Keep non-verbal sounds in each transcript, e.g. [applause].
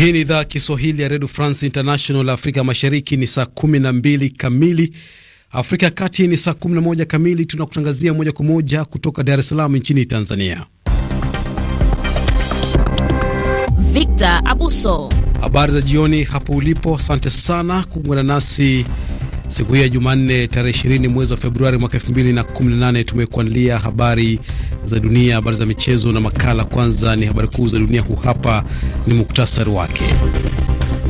Hii ni idhaa Kiswahili ya redio France International. Afrika Mashariki ni saa 12 kamili, Afrika ya Kati ni saa 11 kamili. Tunakutangazia moja kwa moja kutoka Dar es Salaam nchini Tanzania. Victor Abuso, habari za jioni hapo ulipo. Asante sana kuungana nasi Siku hii ya Jumanne tarehe 20 mwezi wa Februari mwaka 2018 tumekuandalia habari za dunia, habari za michezo na makala. Kwanza ni habari kuu za dunia, huu hapa ni muktasari wake.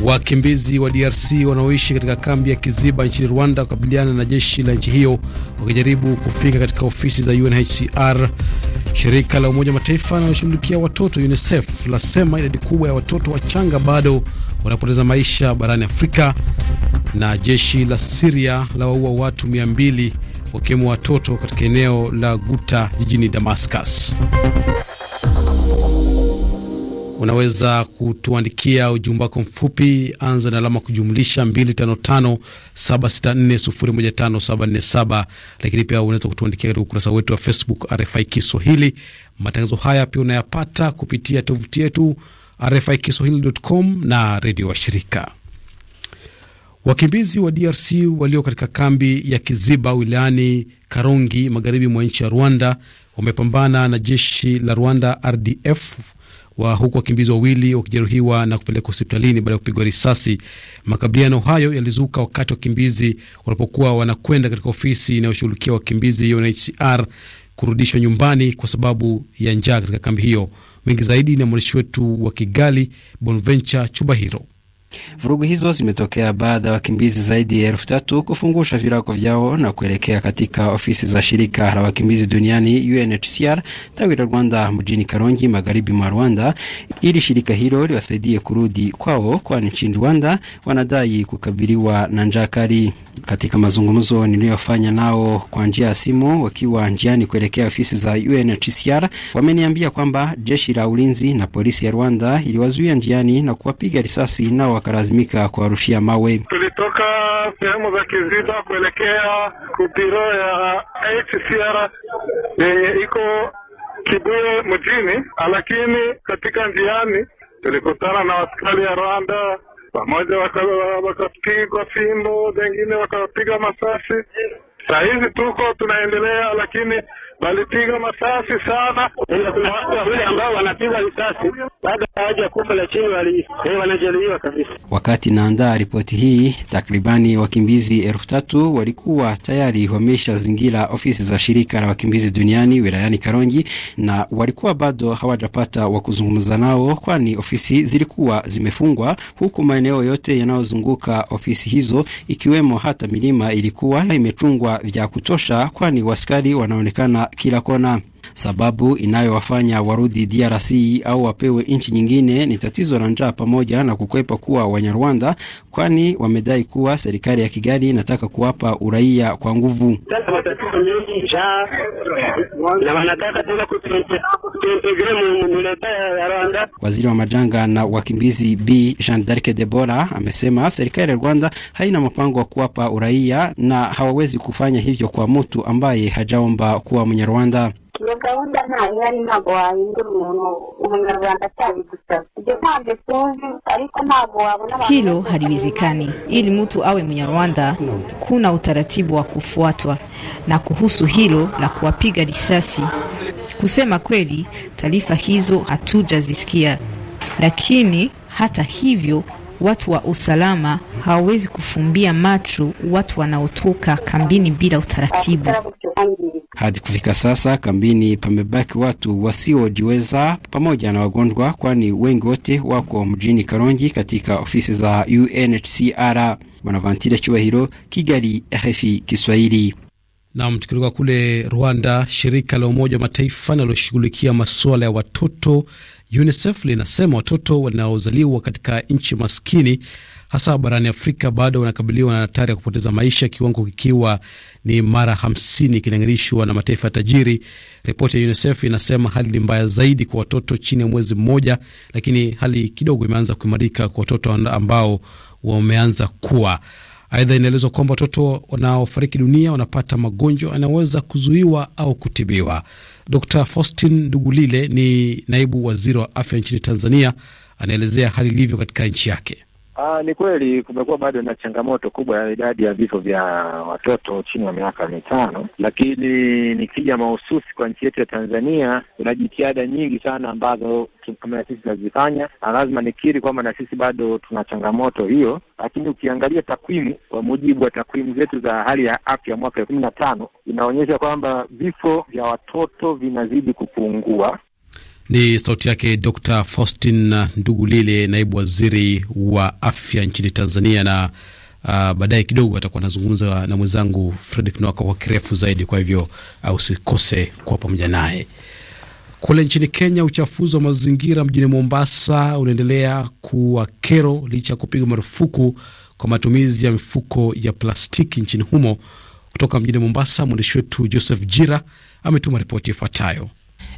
Wakimbizi wa DRC wanaoishi katika kambi ya Kiziba nchini Rwanda kukabiliana na jeshi la nchi hiyo wakijaribu kufika katika ofisi za UNHCR. Shirika la Umoja Mataifa linaloshughulikia watoto UNICEF lasema idadi kubwa ya watoto wachanga bado wanapoteza maisha barani Afrika na jeshi la Siria la waua watu 200 wakiwemo watoto katika eneo la Guta jijini Damascus. Unaweza kutuandikia ujumbe wako mfupi, anza na alama kujumlisha 255764015747. Lakini pia unaweza kutuandikia katika ukurasa wetu wa Facebook RFI Kiswahili. Matangazo haya pia unayapata kupitia tovuti yetu RFI Kiswahili.com na redio washirika. Wakimbizi wa DRC walio katika kambi ya Kiziba wilayani Karongi magharibi mwa nchi ya Rwanda wamepambana na jeshi la Rwanda RDF wa huku wakimbizi wawili wakijeruhiwa na kupelekwa hospitalini baada ya kupigwa risasi. Makabiliano hayo yalizuka wakati wakimbizi walipokuwa wanakwenda katika ofisi inayoshughulikia wakimbizi UNHCR kurudishwa nyumbani kwa sababu ya njaa katika kambi hiyo. Mengi zaidi na mwandishi wetu wa Kigali Bonventure Chubahiro. Vurugu hizo zimetokea baada ya wakimbizi zaidi ya elfu tatu kufungusha virako vyao na kuelekea katika ofisi za shirika la wakimbizi duniani UNHCR tawi la Rwanda mjini Karongi, magharibi mwa Rwanda, ili shirika hilo liwasaidie kurudi kwao, kwani nchini Rwanda wanadai kukabiliwa na njaa kali. Katika mazungumzo niliyofanya nao kwa njia ya simu wakiwa njiani kuelekea ofisi za UNHCR, wameniambia kwamba jeshi la ulinzi na polisi ya Rwanda iliwazuia njiani na kuwapiga risasi nao wakalazimika kuwarushia mawe. Tulitoka sehemu za kiziba kuelekea kupiro ya HCR yenye iko Kibuye mjini, lakini katika njiani tulikutana na askari ya Rwanda pamoja wakapigwa fimbo, wengine wakapiga masasi. Saa hizi tuko tunaendelea, lakini walipiga masasi sana. Wale ambao wanapiga risasi baada ya haja kubwa la chini eh, wanajeruhiwa kabisa. Wakati naandaa ripoti hii, takribani wakimbizi elfu tatu walikuwa tayari wamesha zingira ofisi za shirika la wakimbizi duniani wilayani Karongi, na walikuwa bado hawajapata wa kuzungumza nao, kwani ofisi zilikuwa zimefungwa, huku maeneo yote yanayozunguka ofisi hizo ikiwemo hata milima ilikuwa imechungwa vya kutosha, kwani waskari wanaonekana kila kona. Sababu inayowafanya warudi DRC au wapewe nchi nyingine ni tatizo la njaa pamoja na kukwepa kuwa Wanyarwanda, kwani wamedai kuwa serikali ya Kigali inataka kuwapa uraia kwa nguvu Waziri wa majanga na wakimbizi B Jean Dark Debora amesema serikali ya Rwanda haina mpango wa kuwapa uraia na hawawezi kufanya hivyo kwa mtu ambaye hajaomba kuwa Mwenyarwanda iyo gahunda yani ntabwo wahindura umuntu umunyarwanda acyabigusaba ibyo ntabyo tuzi ariko ntabwo wabona hilo haliwezekani ili mtu awe mnyarwanda kuna utaratibu wa kufuatwa na kuhusu hilo la kuwapiga risasi kusema kweli taarifa hizo hatujazisikia lakini hata hivyo watu wa usalama hawawezi kufumbia macho watu wanaotoka kambini bila utaratibu hadi kufika sasa kambini pamebaki watu wasiojiweza pamoja na wagonjwa, kwani wengi wote wako mjini Karongi katika ofisi za UNHCR. Bonaventure chubahiro Kigali, RFI Kiswahili. Nam, tukitoka kule Rwanda, shirika la Umoja wa Mataifa linaloshughulikia masuala ya watoto UNICEF linasema watoto wanaozaliwa katika nchi maskini hasa barani Afrika bado wanakabiliwa na hatari ya kupoteza maisha, kiwango kikiwa ni mara hamsini ikilinganishwa na mataifa ya tajiri. Ripoti ya UNICEF inasema hali ni mbaya zaidi kwa watoto chini ya mwezi mmoja, lakini hali kidogo imeanza kuimarika kwa watoto ambao wameanza kuwa Aidha, inaelezwa kwamba watoto wanaofariki dunia wanapata magonjwa yanayoweza kuzuiwa au kutibiwa. Dr Faustin Ndugulile ni naibu waziri wa afya nchini Tanzania, anaelezea hali ilivyo katika nchi yake. Aa, ah, ni kweli kumekuwa bado na changamoto kubwa ya idadi ya vifo vya watoto chini ya miaka mitano, lakini nikija mahususi kwa nchi yetu ya Tanzania, kuna jitihada nyingi sana ambazo kama na sisi tunazifanya, na lazima nikiri kwamba na sisi bado tuna changamoto hiyo, lakini ukiangalia takwimu, kwa mujibu wa takwimu zetu za hali ya afya mwaka elfu kumi na tano inaonyesha kwamba vifo vya watoto vinazidi kupungua ni sauti yake Dr Faustin Ndugulile, naibu waziri wa afya nchini Tanzania, na uh, baadaye kidogo atakuwa anazungumza na mwenzangu Fredrick Nwaka kwa kirefu zaidi. Kwa hivyo uh, usikose kuwa pamoja naye. Kule nchini Kenya, uchafuzi wa mazingira mjini Mombasa unaendelea kuwa kero licha ya kupigwa marufuku kwa matumizi ya mifuko ya plastiki nchini humo. Kutoka mjini Mombasa, mwandishi wetu Joseph Jira ametuma ripoti ifuatayo.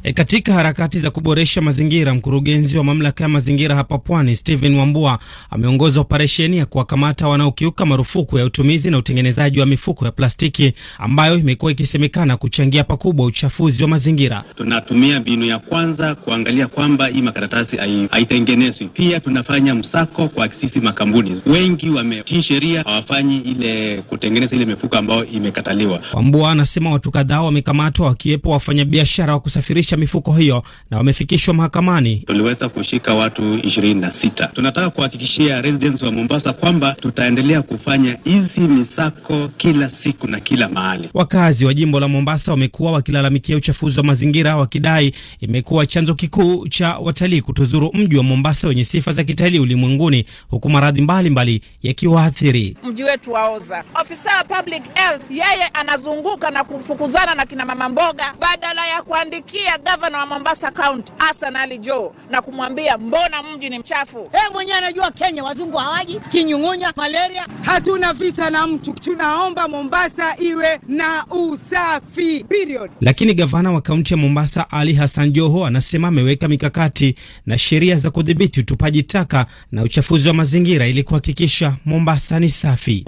E, katika harakati za kuboresha mazingira, mkurugenzi wa mamlaka ya mazingira hapa Pwani Steven Wambua ameongoza operesheni ya kuwakamata wanaokiuka marufuku ya utumizi na utengenezaji wa mifuko ya plastiki ambayo imekuwa ikisemekana kuchangia pakubwa uchafuzi wa mazingira. Tunatumia mbinu ya kwanza kuangalia kwamba hii makaratasi haitengenezwi. Pia tunafanya msako kwa sisi makampuni wengi wametii sheria, hawafanyi ile kutengeneza ile mifuko ambayo imekataliwa. Wambua anasema watu kadhaa wamekamatwa wakiwepo wafanyabiashara wa kusafirisha kurejesha mifuko hiyo na wamefikishwa mahakamani. Tuliweza kushika watu ishirini na sita. Tunataka kuhakikishia residents wa Mombasa kwamba tutaendelea kufanya hizi misako kila siku na kila mahali. Wakazi wa jimbo la Mombasa wamekuwa wakilalamikia uchafuzi wa mazingira, wakidai imekuwa chanzo kikuu cha watalii kutuzuru mji wa Mombasa wenye sifa za kitalii ulimwenguni, huku maradhi mbalimbali yakiwaathiri mji wetu waoza. Ofisa wa public health yeye anazunguka na kufukuzana na kina mama mboga badala ya kuandikia gavana wa Mombasa County Hassan Ali Joho na kumwambia mbona mji ni mchafu. Yeye mwenyewe anajua Kenya wazungu hawaji, kinyung'unya, malaria. Hatuna vita na mtu, tunaomba Mombasa iwe na usafi period. Lakini gavana wa kaunti ya Mombasa Ali Hassan Joho anasema ameweka mikakati na sheria za kudhibiti utupaji taka na uchafuzi wa mazingira ili kuhakikisha Mombasa ni safi.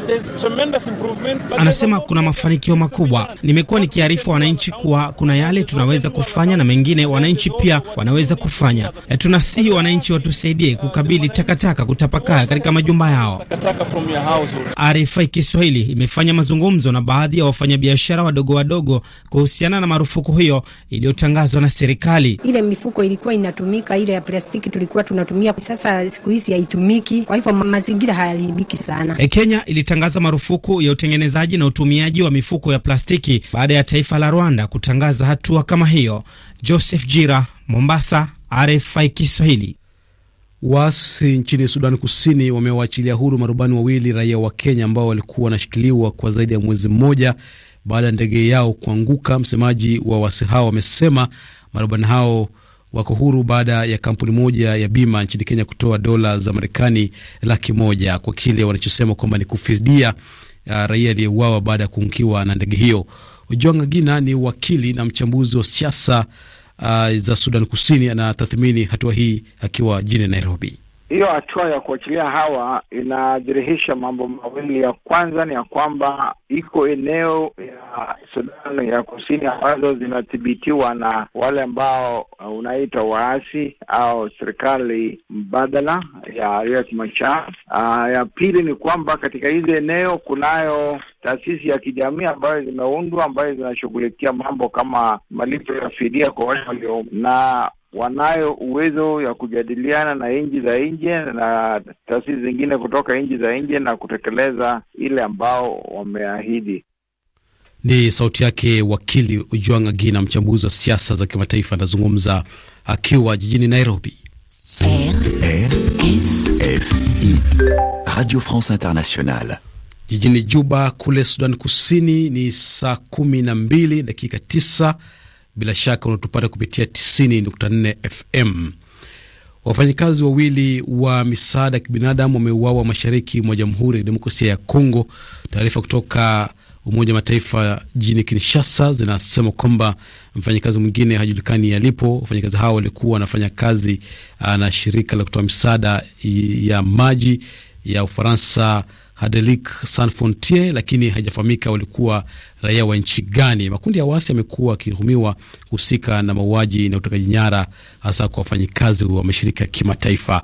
Anasema kuna mafanikio makubwa. Nimekuwa nikiarifu wananchi kuwa kuna yale tunaweza kufanya na mengine wananchi pia wanaweza kufanya. E, tunasihi wananchi watusaidie kukabili takataka kutapakaa katika majumba yao. RFI Kiswahili imefanya mazungumzo na baadhi ya wafanyabiashara wadogo wadogo kuhusiana na marufuku hiyo iliyotangazwa na serikali. Ile mifuko ilikuwa inatumika, ile ya plastiki tulikuwa tunatumia, sasa siku hizi haitumiki, kwa hivyo mazingira hayaribiki sana. E, Kenya ilitangaza marufuku ya utengenezaji na utumiaji wa mifuko ya plastiki baada ya taifa la Rwanda kutangaza hatua kama hiyo. Joseph Jira, Mombasa, RFI Kiswahili. Waasi nchini Sudan Kusini wamewaachilia huru marubani wawili raia wa Kenya ambao walikuwa wanashikiliwa kwa zaidi ya mwezi mmoja baada ya ndege yao kuanguka. Msemaji wa waasi hao wamesema marubani hao wako huru baada ya kampuni moja ya bima nchini Kenya kutoa dola za Marekani laki moja kwa kile wanachosema kwamba ni kufidia raia aliyeuawa baada ya kuunkiwa na ndege hiyo. Ojwanga Gina ni wakili na mchambuzi wa siasa uh, za Sudan Kusini. Anatathmini hatua hii akiwa jijini Nairobi hiyo hatua ya kuachilia hawa inadhirihisha mambo mawili. Ya kwanza ni ya kwamba iko eneo ya Sudan ya Kusini ambazo zinathibitiwa na wale ambao uh, unaita waasi au serikali mbadala ya Riek Machar. Uh, ya pili ni kwamba katika hizi eneo kunayo taasisi ya kijamii ambayo zimeundwa ambayo zinashughulikia mambo kama malipo ya fidia kwa wale walio na wanayo uwezo ya kujadiliana na nchi za nje na taasisi zingine kutoka nchi za nje na kutekeleza ile ambao wameahidi. Ni sauti yake wakili Ujwanga Gina, mchambuzi wa siasa za kimataifa, anazungumza akiwa jijini Nairobi. RFI, Radio France Internationale. Jijini Juba kule Sudan Kusini ni saa kumi na mbili dakika tisa bila shaka unatupata kupitia 90.4 FM. Wafanyakazi wawili wa misaada ya kibinadamu wameuawa mashariki mwa Jamhuri ya Demokrasia ya Kongo. Taarifa kutoka Umoja wa Mataifa jijini Kinshasa zinasema kwamba mfanyakazi mwingine hajulikani alipo. Wafanyakazi hao walikuwa wanafanya kazi ah, na shirika la kutoa misaada ya maji ya Ufaransa Hadelik San lakini haijafahamika walikuwa raia wa nchi gani. Makundi ya wasi yamekuwa akihumiwa kuhusika na mauaji na utekaji nyara, hasa kwa wafanyikazi wa mashirika ya kimataifa.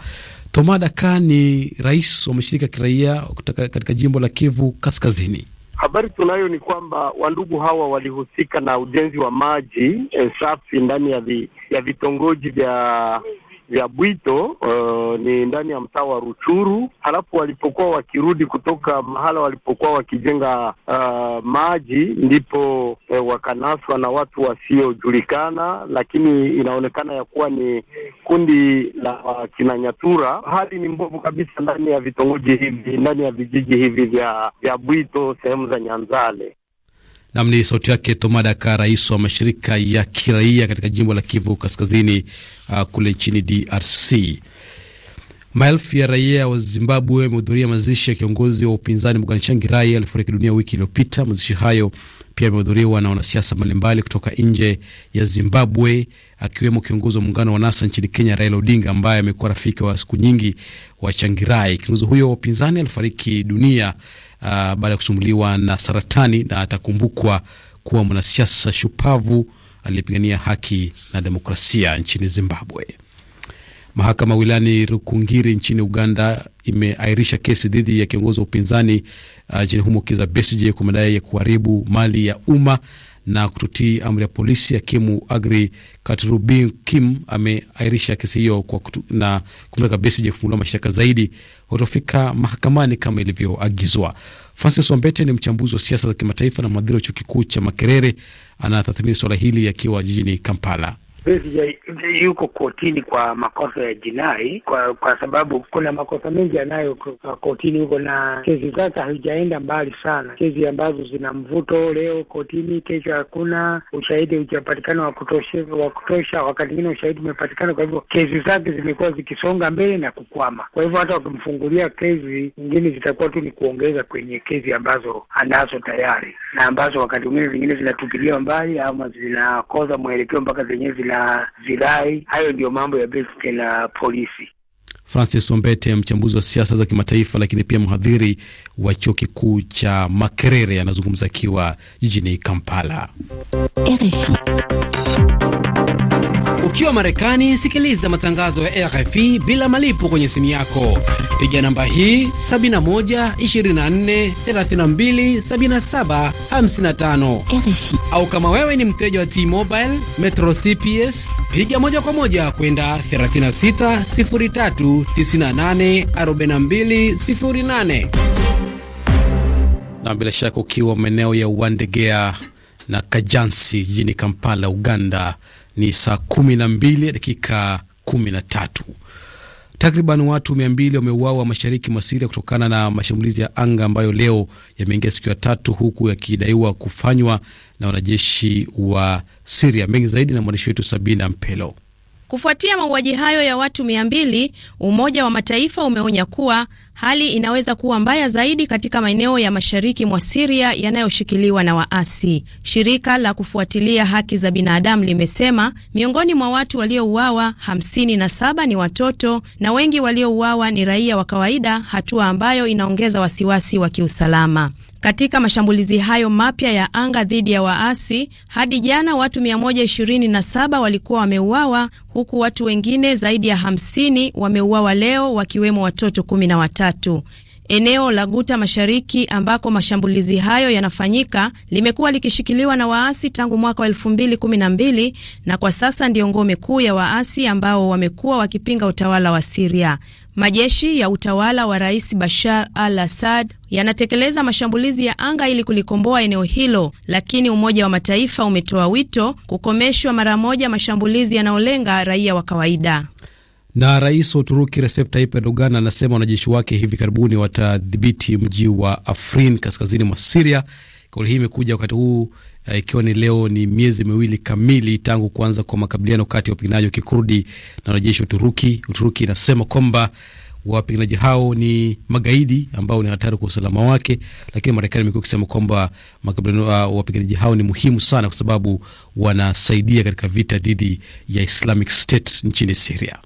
Toma Daka ni rais wa mashirika ya kiraia katika jimbo la Kivu Kaskazini. Habari tunayo ni kwamba wandugu hawa walihusika na ujenzi wa maji eh, safi ndani ya, vi, ya vitongoji vya vya Bwito uh, ni ndani ya mtaa wa Ruchuru. Halafu walipokuwa wakirudi kutoka mahala walipokuwa wakijenga uh, maji, ndipo eh, wakanaswa na watu wasiojulikana, lakini inaonekana ya kuwa ni kundi la uh, Kinanyatura. Hali ni mbovu kabisa ndani ya vitongoji hivi, ndani ya vijiji hivi vya vya Bwito, sehemu za Nyanzale. Nam ni sauti yake Tomadaka, rais wa mashirika ya kiraia katika jimbo la Kivu Kaskazini, uh, kule nchini DRC. Maelfu ya raia wa Zimbabwe wamehudhuria mazishi ya kiongozi wa upinzani Muganishangi Rai alifariki dunia wiki iliyopita. Mazishi hayo pia yamehudhuriwa na wanasiasa mbalimbali kutoka nje ya Zimbabwe, akiwemo kiongozi wa muungano wa NASA nchini Kenya, Raila Odinga, ambaye amekuwa rafiki wa siku nyingi wa Changirai. Kiongozi huyo wa upinzani alifariki dunia Ah, baada ya kusumbuliwa na saratani, na atakumbukwa kuwa mwanasiasa shupavu aliyepigania haki na demokrasia nchini Zimbabwe. Mahakama wilani Rukungiri nchini Uganda imeahirisha kesi dhidi ya kiongozi wa upinzani ah, nchini uh, humo Kizza Besigye kwa madai ya kuharibu mali ya umma na kutotii amri ya polisi. Hakimu Agri Katrubi Kim ameairisha kesi hiyo na kumtaka Besigye kufungulia mashtaka zaidi watofika mahakamani kama ilivyoagizwa. Francis Wambete ni mchambuzi wa siasa za kimataifa na mhadhiri wa chuo kikuu cha Makerere. Anatathmini suala hili akiwa jijini Kampala yuko kotini kwa makosa ya jinai kwa, kwa sababu kuna makosa mengi yanayo kotini huko, na kesi zake haijaenda mbali sana, kesi ambazo zina mvuto leo kotini, kesho hakuna ushahidi hujapatikana wa kutosha, wakati mwingine ushahidi umepatikana. Kwa hivyo kesi zake zimekuwa zikisonga mbele na kukwama. Kwa hivyo hata wakimfungulia kesi nyingine zitakuwa tu ni kuongeza kwenye kesi ambazo anazo tayari na ambazo wakati mwingine zingine zinatupiliwa mbali ama zinakoza mwelekeo mpaka zenyewe na zirai. Hayo ndio mambo ya Brexit na polisi. Francis Ombete, mchambuzi wa siasa za kimataifa, lakini pia mhadhiri wa chuo kikuu cha Makerere, anazungumza akiwa jijini Kampala, RFI. Ukiwa Marekani, sikiliza matangazo ya RFI bila malipo kwenye simu yako. Piga namba hii 7124327755 Au kama wewe ni mteja wa T-Mobile Metro CPS, piga moja kwa moja kwenda 36 03 Na bila shaka ukiwa maeneo ya uandegea na Kajansi jijini Kampala, Uganda ni saa kumi na mbili dakika kumi na tatu. Takriban watu mia mbili wameuawa mashariki mwa Siria kutokana na mashambulizi ya anga ambayo leo yameingia siku ya tatu, huku yakidaiwa kufanywa na wanajeshi wa Siria. Mengi zaidi na mwandishi wetu Sabina Mpelo. Kufuatia mauaji hayo ya watu mia mbili, Umoja wa Mataifa umeonya kuwa hali inaweza kuwa mbaya zaidi katika maeneo ya mashariki mwa Siria yanayoshikiliwa na waasi. Shirika la kufuatilia haki za binadamu limesema miongoni mwa watu waliouawa 57 ni watoto na wengi waliouawa ni raia wa kawaida, hatua ambayo inaongeza wasiwasi wa kiusalama katika mashambulizi hayo mapya ya anga dhidi ya waasi. Hadi jana watu 127 walikuwa wameuawa, huku watu wengine zaidi ya 50 wameuawa leo, wakiwemo watoto 13. Eneo la Guta Mashariki ambako mashambulizi hayo yanafanyika limekuwa likishikiliwa na waasi tangu mwaka wa 2012 na kwa sasa ndiyo ngome kuu ya waasi ambao wamekuwa wakipinga utawala wa Siria. Majeshi ya utawala wa Rais Bashar al-Assad yanatekeleza mashambulizi ya anga ili kulikomboa eneo hilo, lakini Umoja wa Mataifa umetoa wito kukomeshwa mara moja mashambulizi yanayolenga raia wa kawaida. Na rais wa Uturuki Recep Tayyip Erdogan anasema wanajeshi wake hivi karibuni watadhibiti mji wa Afrin kaskazini mwa Siria. Kauli hii imekuja wakati huu Eh, ikiwa ni leo ni miezi miwili kamili tangu kuanza kwa makabiliano kati ya wapiganaji wa Kikurdi na wanajeshi wa Uturuki. Uturuki inasema kwamba wapiganaji hao ni magaidi ambao ni hatari kwa usalama wake, lakini Marekani imekuwa ikisema kwamba makabiliano ah, wapiganaji hao ni muhimu sana kwa sababu wanasaidia katika vita dhidi ya Islamic State nchini Syria.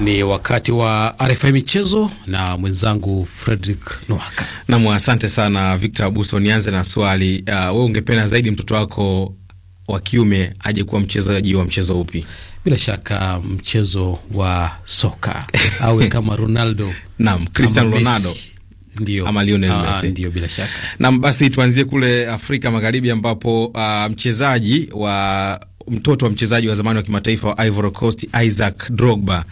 Ni wakati wa RFI michezo na mwenzangu Fredrick Nwaka. Nam, asante sana Victor Abuso. Nianze na swali uh, we ungependa zaidi mtoto wako wa kiume aje kuwa mchezaji wa mchezo upi? Bila shaka mchezo wa soka [laughs] awe kama Ronaldo. Naam, Cristiano Ronaldo Ndiyo. Ama Lionel ah, Messi. bila shaka. Naam, basi tuanzie kule Afrika Magharibi ambapo uh, mchezaji wa mtoto wa mchezaji wa zamani wa kimataifa wa Ivory Coast Isaac Drogba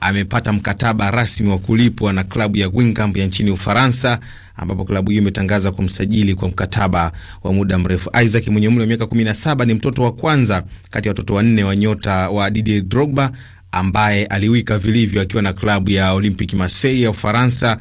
amepata mkataba rasmi wa kulipwa na klabu ya Wingamp ya nchini Ufaransa, ambapo klabu hiyo imetangaza kumsajili kwa mkataba wa muda mrefu. Isaac mwenye umri wa miaka 17 ni mtoto wa kwanza kati ya watoto wanne wa nyota wa Didier Drogba ambaye aliwika vilivyo akiwa na klabu ya Olympique Marseille ya Ufaransa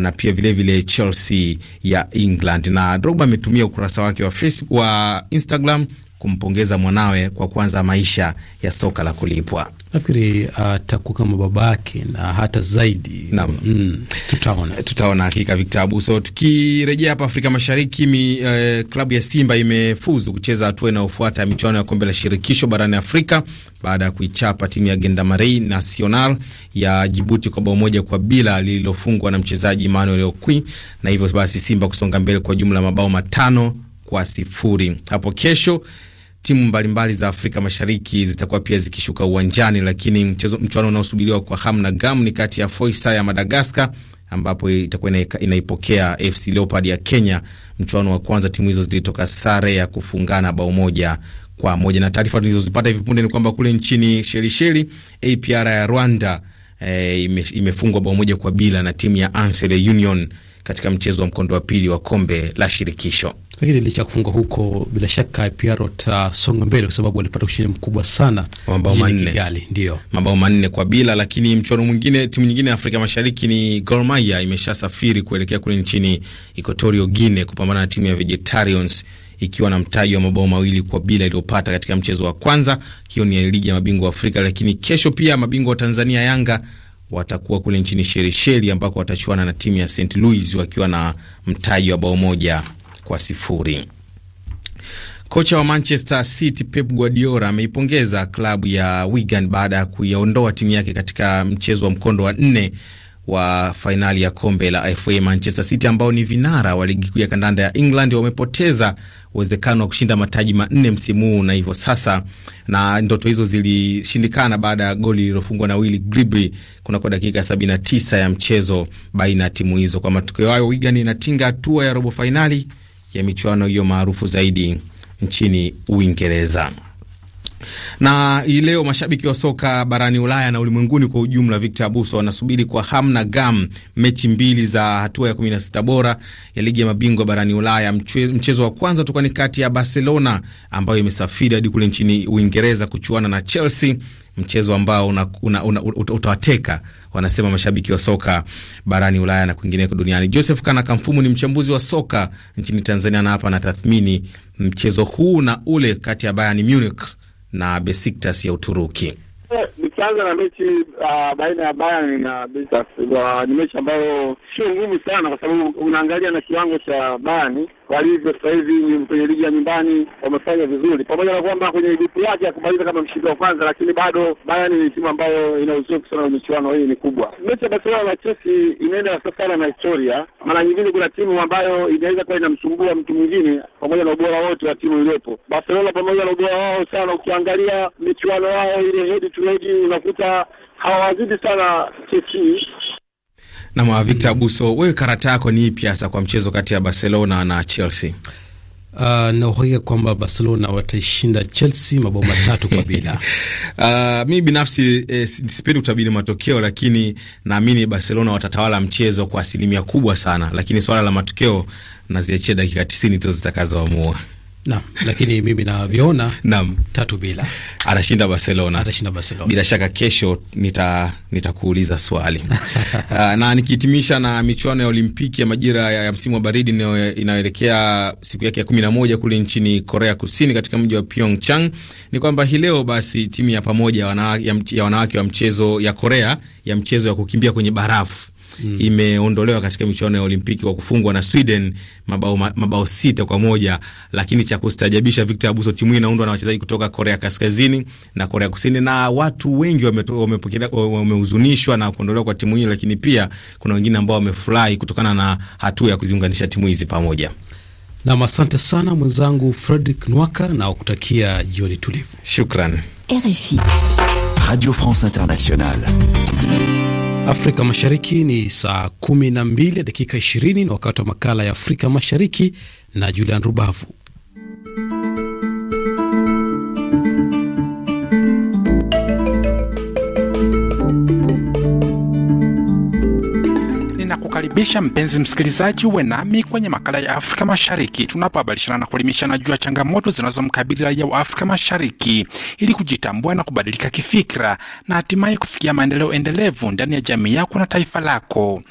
na pia vilevile vile Chelsea ya England. Na Drogba ametumia ukurasa wake wa Facebook, wa Instagram kumpongeza mwanawe kwa kuanza maisha ya soka la kulipwa nafikiri atakuwa uh, kama babake na hata zaidi. mm, tutaona tutaona hakika. Victor Abuso, tukirejea hapa Afrika Mashariki mi, uh, klabu ya Simba imefuzu kucheza hatua inayofuata ya michuano ya kombe la shirikisho barani Afrika baada ya kuichapa timu ya Gendarmerie National ya Jibuti kwa bao moja kwa bila lililofungwa na mchezaji Emmanuel Okwi, na hivyo basi Simba kusonga mbele kwa jumla mabao matano kwa sifuri hapo kesho timu mbalimbali za Afrika Mashariki zitakuwa pia zikishuka uwanjani, lakini mchezo mchuano unaosubiriwa kwa hamu na gamu ni kati ya Foisa ya Madagaskar ambapo itakuwa inaipokea FC Leopard ya Kenya. Mchuano wa kwanza timu hizo zilitoka sare ya kufungana bao moja kwa moja, na taarifa tulizozipata hivi punde ni kwamba kule nchini Shelisheli APR ya Rwanda e, ime, imefungwa bao moja kwa bila na timu ya Ansele Union katika mchezo wa mkondo wa pili wa kombe la shirikisho. Lakini licha ya kufungwa huko, bila shaka APR watasonga mbele kwa sababu walipata ushindi mkubwa sana, mabao manne Kigali, ndio mabao manne kwa bila. Lakini mchuano mwingine, timu nyingine ya Afrika Mashariki ni Gor Mahia, imeshasafiri kuelekea kule nchini Equatorial Guinea kupambana na timu ya Vegetarians ikiwa na mtaji wa mabao mawili kwa bila iliyopata katika mchezo wa kwanza. Hiyo ni ligi ya mabingwa Afrika, lakini kesho pia mabingwa wa Tanzania Yanga watakuwa kule nchini Shelisheli ambako watachuana na timu ya St Louis wakiwa na mtaji wa bao moja kwa sifuri. Kocha wa Manchester City Pep Guardiola ameipongeza klabu ya Wigan baada ya kuiondoa timu yake katika mchezo wa mkondo wa nne wa fainali ya kombe la FA. Manchester City ambao ni vinara wa ligi kuu ya kandanda ya England wamepoteza uwezekano wa kushinda mataji manne msimu huu, na hivyo sasa, na ndoto hizo zilishindikana baada ya goli lililofungwa na Willy kuna kwa dakika 79 ya mchezo baina ya timu hizo. Kwa matokeo hayo, Wigan inatinga hatua ya robo fainali ya michuano hiyo maarufu zaidi nchini Uingereza. Na hii leo mashabiki wa soka barani Ulaya na ulimwenguni kwa ujumla, Victor Abuso, wanasubiri kwa hamu na gam mechi mbili za hatua ya 16 bora ya ligi ya mabingwa barani Ulaya. Mchezo wa kwanza utakuwa ni kati ya Barcelona ambayo imesafiri hadi kule nchini Uingereza kuchuana na Chelsea mchezo ambao una, una, una, utawateka wanasema mashabiki wa soka barani Ulaya na kwingineko duniani. Joseph kanakamfumu ni mchambuzi wa soka nchini Tanzania na hapa anatathmini mchezo huu na ule kati ya Bayern Munich na Besiktas ya Uturuki. Nikianza na mechi uh, baina ya Bayern na Besiktas, ah, ni mechi ambayo sio ngumu sana, kwa sababu unaangalia na kiwango cha Bayern walivyo sasa hivi ni kwenye ligi ya nyumbani wamefanya vizuri, pamoja na kwamba kwenye grupu yake akumaliza kama mshindi wa kwanza, lakini bado Bayern ni timu ambayo ina uzoefu sana michuano hii ni kubwa Mechi ya Barcelona na Chelsea inaenda sana na historia. Mara nyingine kuna timu ambayo inaweza kuwa inamsumbua mtu mwingine, pamoja na ubora wote wa timu iliyopo. Barcelona pamoja na ubora wao sana, ukiangalia michuano yao ile head to head, unakuta hawawazidi sana Chelsea na Victor Abuso, wewe karata yako ni ipi hasa kwa mchezo kati ya Barcelona na Chelsea? Uh, na uhakika kwamba Barcelona wataishinda Chelsea mabao matatu kwa bila. Uh, [laughs] mi binafsi eh, sipendi kutabiri matokeo, lakini naamini Barcelona watatawala mchezo kwa asilimia kubwa sana, lakini swala la matokeo naziachia dakika tisini tu zitakazoamua. Na, lakini mimi navyoona na, tatu bila anashinda Barcelona, atashinda Barcelona bila shaka. Kesho nita nitakuuliza swali uh, [laughs] na nikihitimisha na michuano ya Olimpiki ya majira ya, ya msimu wa baridi inayoelekea siku yake ya kumi na moja kule nchini Korea Kusini katika mji wa Pyeongchang, ni kwamba hii leo basi timu ya pamoja wanawake ya wanawake wa mchezo ya Korea ya mchezo ya kukimbia kwenye barafu mm. imeondolewa katika michuano ya Olimpiki kwa kufungwa na Sweden mabao, mabao sita kwa moja. Lakini cha kustajabisha, Victor Abuso, timu hii inaundwa na wachezaji kutoka Korea Kaskazini na Korea Kusini, na watu wengi wamehuzunishwa wame, na kuondolewa kwa timu hii, lakini pia kuna wengine ambao wamefurahi kutokana na hatua ya kuziunganisha timu hizi pamoja. Nam, asante sana mwenzangu Fredrik Nwaka na wakutakia jioni tulivu. Shukran. RFI Radio France Internationale. Afrika Mashariki ni saa kumi na mbili dakika ishirini na wakati wa makala ya Afrika Mashariki na Julian Rubavu. kukaribisha mpenzi msikilizaji, uwe nami kwenye makala ya Afrika Mashariki tunapohabarishana na kuelimishana juu ya changamoto zinazomkabili raia wa Afrika Mashariki ili kujitambua na kubadilika kifikra na hatimaye kufikia maendeleo endelevu ndani ya jamii yako na taifa lako.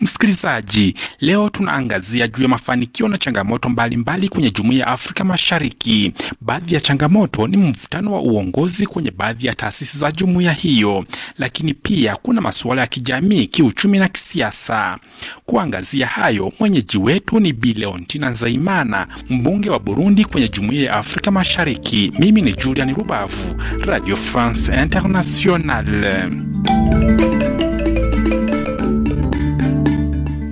Msikilizaji, leo tunaangazia juu ya mafanikio na changamoto mbalimbali mbali kwenye jumuiya ya Afrika Mashariki. Baadhi ya changamoto ni mvutano wa uongozi kwenye baadhi ya taasisi za jumuiya hiyo, lakini pia kuna masuala ya kijamii, kiuchumi na kisiasa. Kuangazia hayo mwenyeji wetu ni Bi Leontina Nzaimana, mbunge wa Burundi kwenye Jumuiya ya Afrika Mashariki. Mimi ni Julian Rubavu, Radio France International.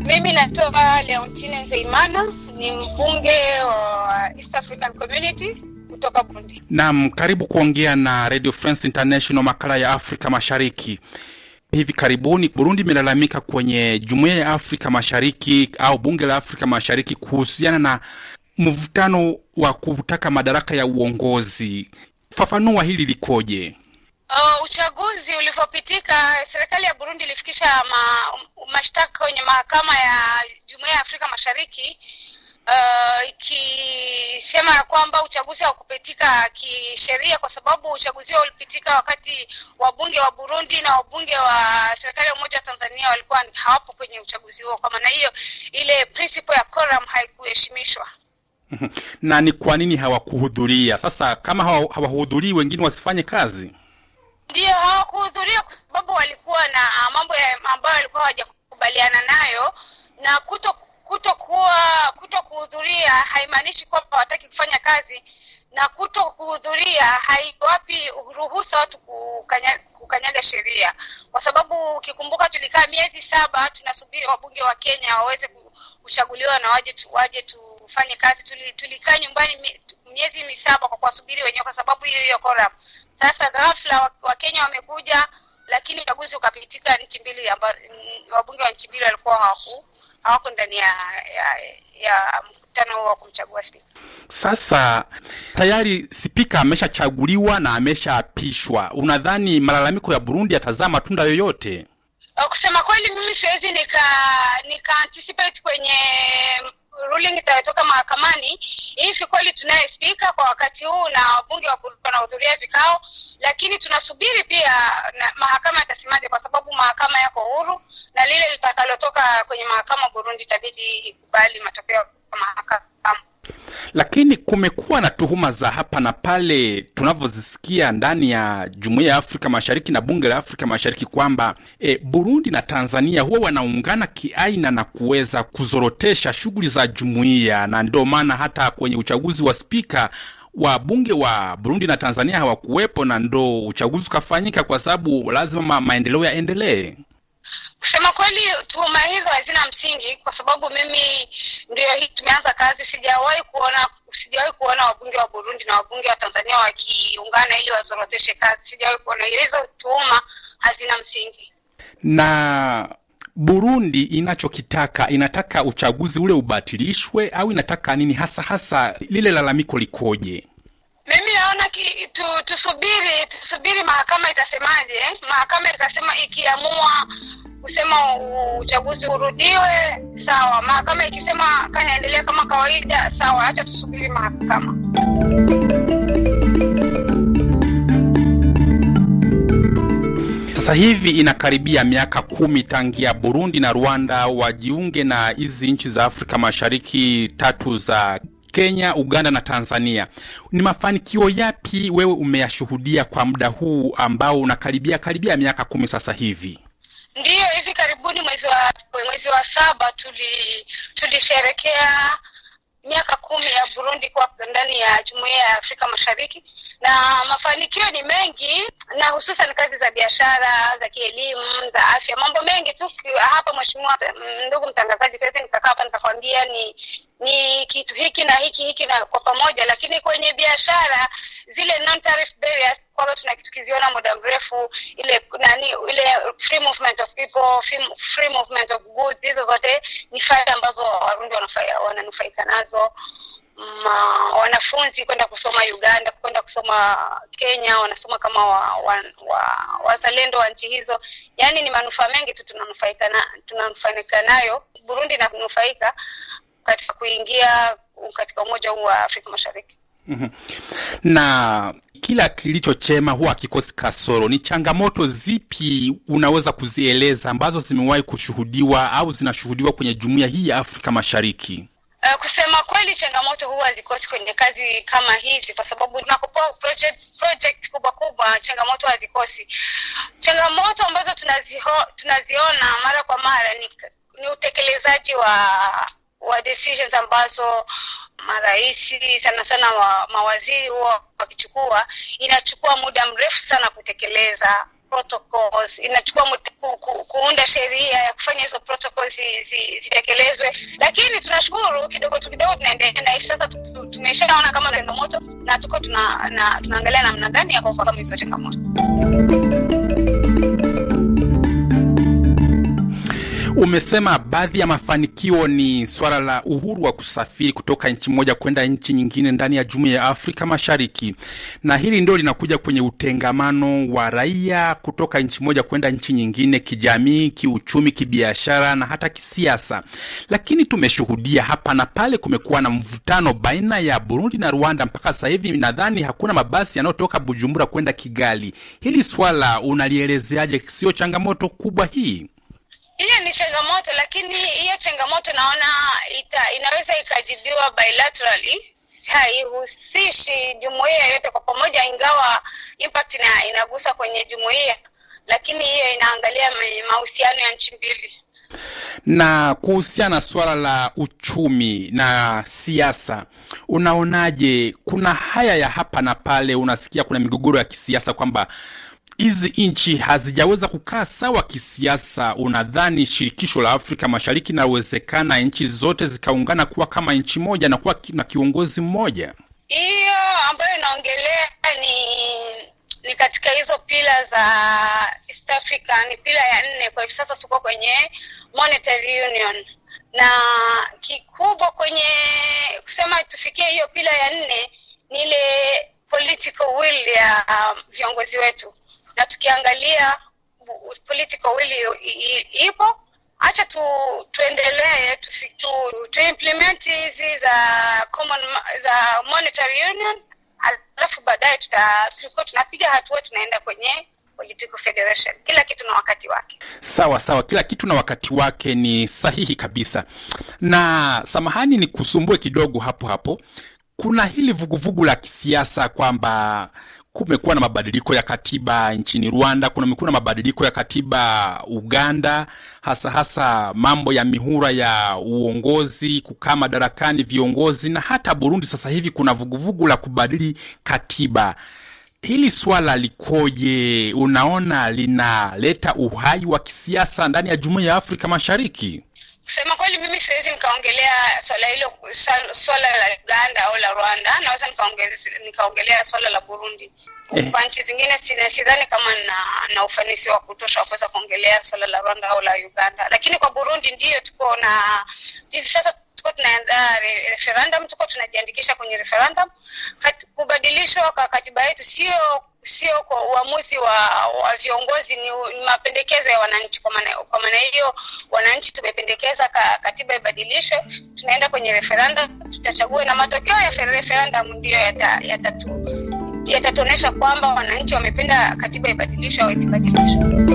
Mimi natoka Leontine Nzeimana, ni mbunge wa East African Community kutoka Burundi. Naam, karibu kuongea na Radio France International, makala ya Afrika Mashariki hivi karibuni Burundi imelalamika kwenye Jumuiya ya Afrika Mashariki au Bunge la Afrika Mashariki kuhusiana na mvutano wa kutaka madaraka ya uongozi. Fafanua hili likoje? Uh, uchaguzi ulivyopitika, serikali ya Burundi ilifikisha ma, mashtaka kwenye mahakama ya Jumuiya ya Afrika Mashariki uh, ikisema ya kwamba uchaguzi haukupitika kisheria kwa sababu uchaguzi huo ulipitika wakati wabunge wa Burundi na wabunge wa serikali ya umoja wa Tanzania walikuwa hawapo kwenye uchaguzi huo. Kwa maana hiyo, ile principle ya quorum haikuheshimishwa. [laughs] na ni kwa nini hawakuhudhuria? Sasa kama hawahudhurii, wengine wasifanye kazi? ndio hawakuhudhuria kwa sababu walikuwa na mambo ambayo walikuwa hawajakubaliana nayo na kuto kutokuwa kuto kuhudhuria haimaanishi kwamba hawataki kufanya kazi na kuto kuhudhuria haiwapi ruhusa watu kukanya, kukanyaga sheria, kwa sababu ukikumbuka tulikaa miezi saba tunasubiri wabunge wa Kenya waweze kuchaguliwa na waje tu, waje tufanye kazi. Tulikaa nyumbani miezi misaba kwa kuwasubiri wenyewe kwa sababu hiyo hiyo kora Sasa ghafla Wakenya wamekuja, lakini uchaguzi ukapitika nchi mbili, mm, wabunge wa nchi mbili walikuwa hawakuu hawako ndani ya, ya, ya mkutano huo wa kumchagua spika. Sasa tayari spika ameshachaguliwa na ameshaapishwa. Unadhani malalamiko ya Burundi yatazaa matunda yoyote? Kusema kweli, mimi siwezi nika, nika anticipate kwenye ruling itayotoka mahakamani. Hivi kweli tunaye spika kwa wakati huu na wabunge wa Burundi wanahudhuria vikao lakini tunasubiri pia na, mahakama itasemaje, kwa sababu mahakama yako huru na lile litakalotoka kwenye mahakama Burundi itabidi ikubali matokeo ya mahakama. Lakini kumekuwa na tuhuma za hapa na pale tunavyozisikia ndani ya Jumuiya ya Afrika Mashariki na Bunge la Afrika Mashariki kwamba e, Burundi na Tanzania huwa wanaungana kiaina na kuweza kuzorotesha shughuli za jumuiya, na ndio maana hata kwenye uchaguzi wa spika wabunge wa Burundi na Tanzania hawakuwepo, na ndo uchaguzi ukafanyika, kwa sababu lazima ma maendeleo yaendelee. Kusema kweli, tuhuma hizo hazina msingi, kwa sababu mimi ndio hii tumeanza kazi, sijawahi kuona sijawahi kuona wabunge wa Burundi na wabunge wa Tanzania wakiungana ili wazoroteshe kazi. Sijawahi kuona hizo tuhuma, hazina msingi na Burundi inachokitaka inataka uchaguzi ule ubatilishwe au inataka nini hasa hasa, lile lalamiko likoje? Mimi naona tu, tusubiri tusubiri mahakama itasemaje. Eh? Mahakama itasema ikiamua kusema uchaguzi urudiwe, sawa. Mahakama ikisema kanaendelea kama kawaida, sawa. Acha tusubiri mahakama. Sasa hivi inakaribia miaka kumi tangia Burundi na Rwanda wajiunge na hizi nchi za Afrika Mashariki tatu za Kenya, Uganda na Tanzania. Ni mafanikio yapi wewe umeyashuhudia kwa muda huu ambao unakaribia karibia miaka kumi sasa hivi? Ndiyo, hivi karibuni mwezi wa mwezi wa saba tuli miaka kumi ya Burundi kuwa ndani ya jumuia ya Afrika Mashariki na mafanikio ni mengi, na hususan kazi za biashara, za kielimu, za afya, mambo mengi tu hapa. Mheshimiwa mm, ndugu mtangazaji, sasa nitakaa hapa nikakwambia ni ni kitu hiki na hiki hiki na kwa pamoja, lakini kwenye biashara zile non tariff barriers kwamba tuna kitu kiziona muda mrefu, ile nani, ile free movement of people, free movement of goods, hizo zote ni faida ambazo Warundi wananufaika nazo ma, wanafunzi kwenda kusoma Uganda, kwenda kusoma Kenya, wanasoma kama wazalendo wa, wa, wa, wa nchi hizo. Yaani ni manufaa mengi tu tunanufaika na, tunanufaika nayo. Burundi inanufaika katika kuingia katika umoja huu wa Afrika Mashariki. Mhm. Na kila kilicho chema huwa kikosi kasoro. Ni changamoto zipi unaweza kuzieleza ambazo zimewahi kushuhudiwa au zinashuhudiwa kwenye jumuiya hii ya Afrika Mashariki? Uh, kusema kweli changamoto huwa hazikosi kwenye kazi kama hizi, kwa sababu tunakopoa project, project kubwa kubwa, changamoto hazikosi. Changamoto ambazo tunaziho, tunaziona mara kwa mara ni, ni utekelezaji wa wa decisions ambazo marais sana sana wa mawaziri huwa wakichukua, inachukua muda mrefu sana kutekeleza protocols inachukua ku, ku, kuunda sheria ya kufanya hizo protocols zitekelezwe, lakini tunashukuru kidogo tu kidogo tunaendelea na hivi sasa tumeshaona kama changamoto na tuko tunaangalia namna gani ya kama hizo changamoto. Umesema baadhi ya mafanikio ni swala la uhuru wa kusafiri kutoka nchi moja kwenda nchi nyingine ndani ya Jumuiya ya Afrika Mashariki, na hili ndio linakuja kwenye utengamano wa raia kutoka nchi moja kwenda nchi nyingine, kijamii, kiuchumi, kibiashara na hata kisiasa. Lakini tumeshuhudia hapa na pale, kumekuwa na mvutano baina ya Burundi na Rwanda. Mpaka sasa hivi nadhani hakuna mabasi yanayotoka Bujumbura kwenda Kigali. Hili swala unalielezeaje? Sio changamoto kubwa hii? hiyo ni changamoto, lakini hiyo changamoto naona ita, inaweza ikajibiwa bilaterally haihusishi jumuia yote kwa pamoja, ingawa impact ina, inagusa kwenye jumuia lakini hiyo inaangalia mahusiano ya nchi mbili. Na kuhusiana na suala la uchumi na siasa, unaonaje? Kuna haya ya hapa na pale, unasikia kuna migogoro ya kisiasa kwamba hizi nchi hazijaweza kukaa sawa kisiasa, unadhani shirikisho la Afrika Mashariki inawezekana nchi zote zikaungana kuwa kama nchi moja na kuwa na kiongozi mmoja? Hiyo ambayo inaongelea ni ni katika hizo pila za East Africa, ni pila ya nne. Kwa hivi sasa tuko kwenye monetary union, na kikubwa kwenye kusema tufikie hiyo pila ya nne ni ile political will ya um, viongozi wetu na tukiangalia political will ipo hacha tu, tuendelee tu, tu, implement hizi za common, za monetary union alafu baadaye tutakuwa tunapiga hatua tunaenda kwenye Kila kitu na wakati wake. Sawa sawa, kila kitu na wakati wake ni sahihi kabisa. Na samahani ni kusumbue kidogo hapo hapo, kuna hili vuguvugu la kisiasa kwamba kumekuwa na mabadiliko ya katiba nchini Rwanda, kumekuwa na mabadiliko ya katiba Uganda, hasa hasa mambo ya mihura ya uongozi, kukaa madarakani viongozi, na hata Burundi sasa hivi kuna vuguvugu la kubadili katiba. Hili swala likoje? Unaona linaleta uhai wa kisiasa ndani ya jumuiya ya Afrika Mashariki? Kusema kweli, mimi siwezi nikaongelea swala hilo, swala la Uganda au la Rwanda. Naweza nikaongelea swala la Burundi. Eh, kwa nchi zingine sidhani kama na, na ufanisi wa kutosha wa kuweza kuongelea swala la Rwanda au la Uganda, lakini kwa Burundi ndiyo tuko na hivi sasa tuko tunaandaa referendum, tuko tunajiandikisha kwenye referendum. Kubadilishwa kwa katiba yetu sio sio kwa uamuzi wa, wa viongozi, ni, ni mapendekezo ya wananchi. Kwa maana hiyo wananchi tumependekeza ka, katiba ibadilishwe, tunaenda kwenye referendum, tutachagua na matokeo ya referendum ndiyo yatatu yata yatatuonyesha kwamba wananchi wamependa katiba ibadilishwe au isibadilishwe.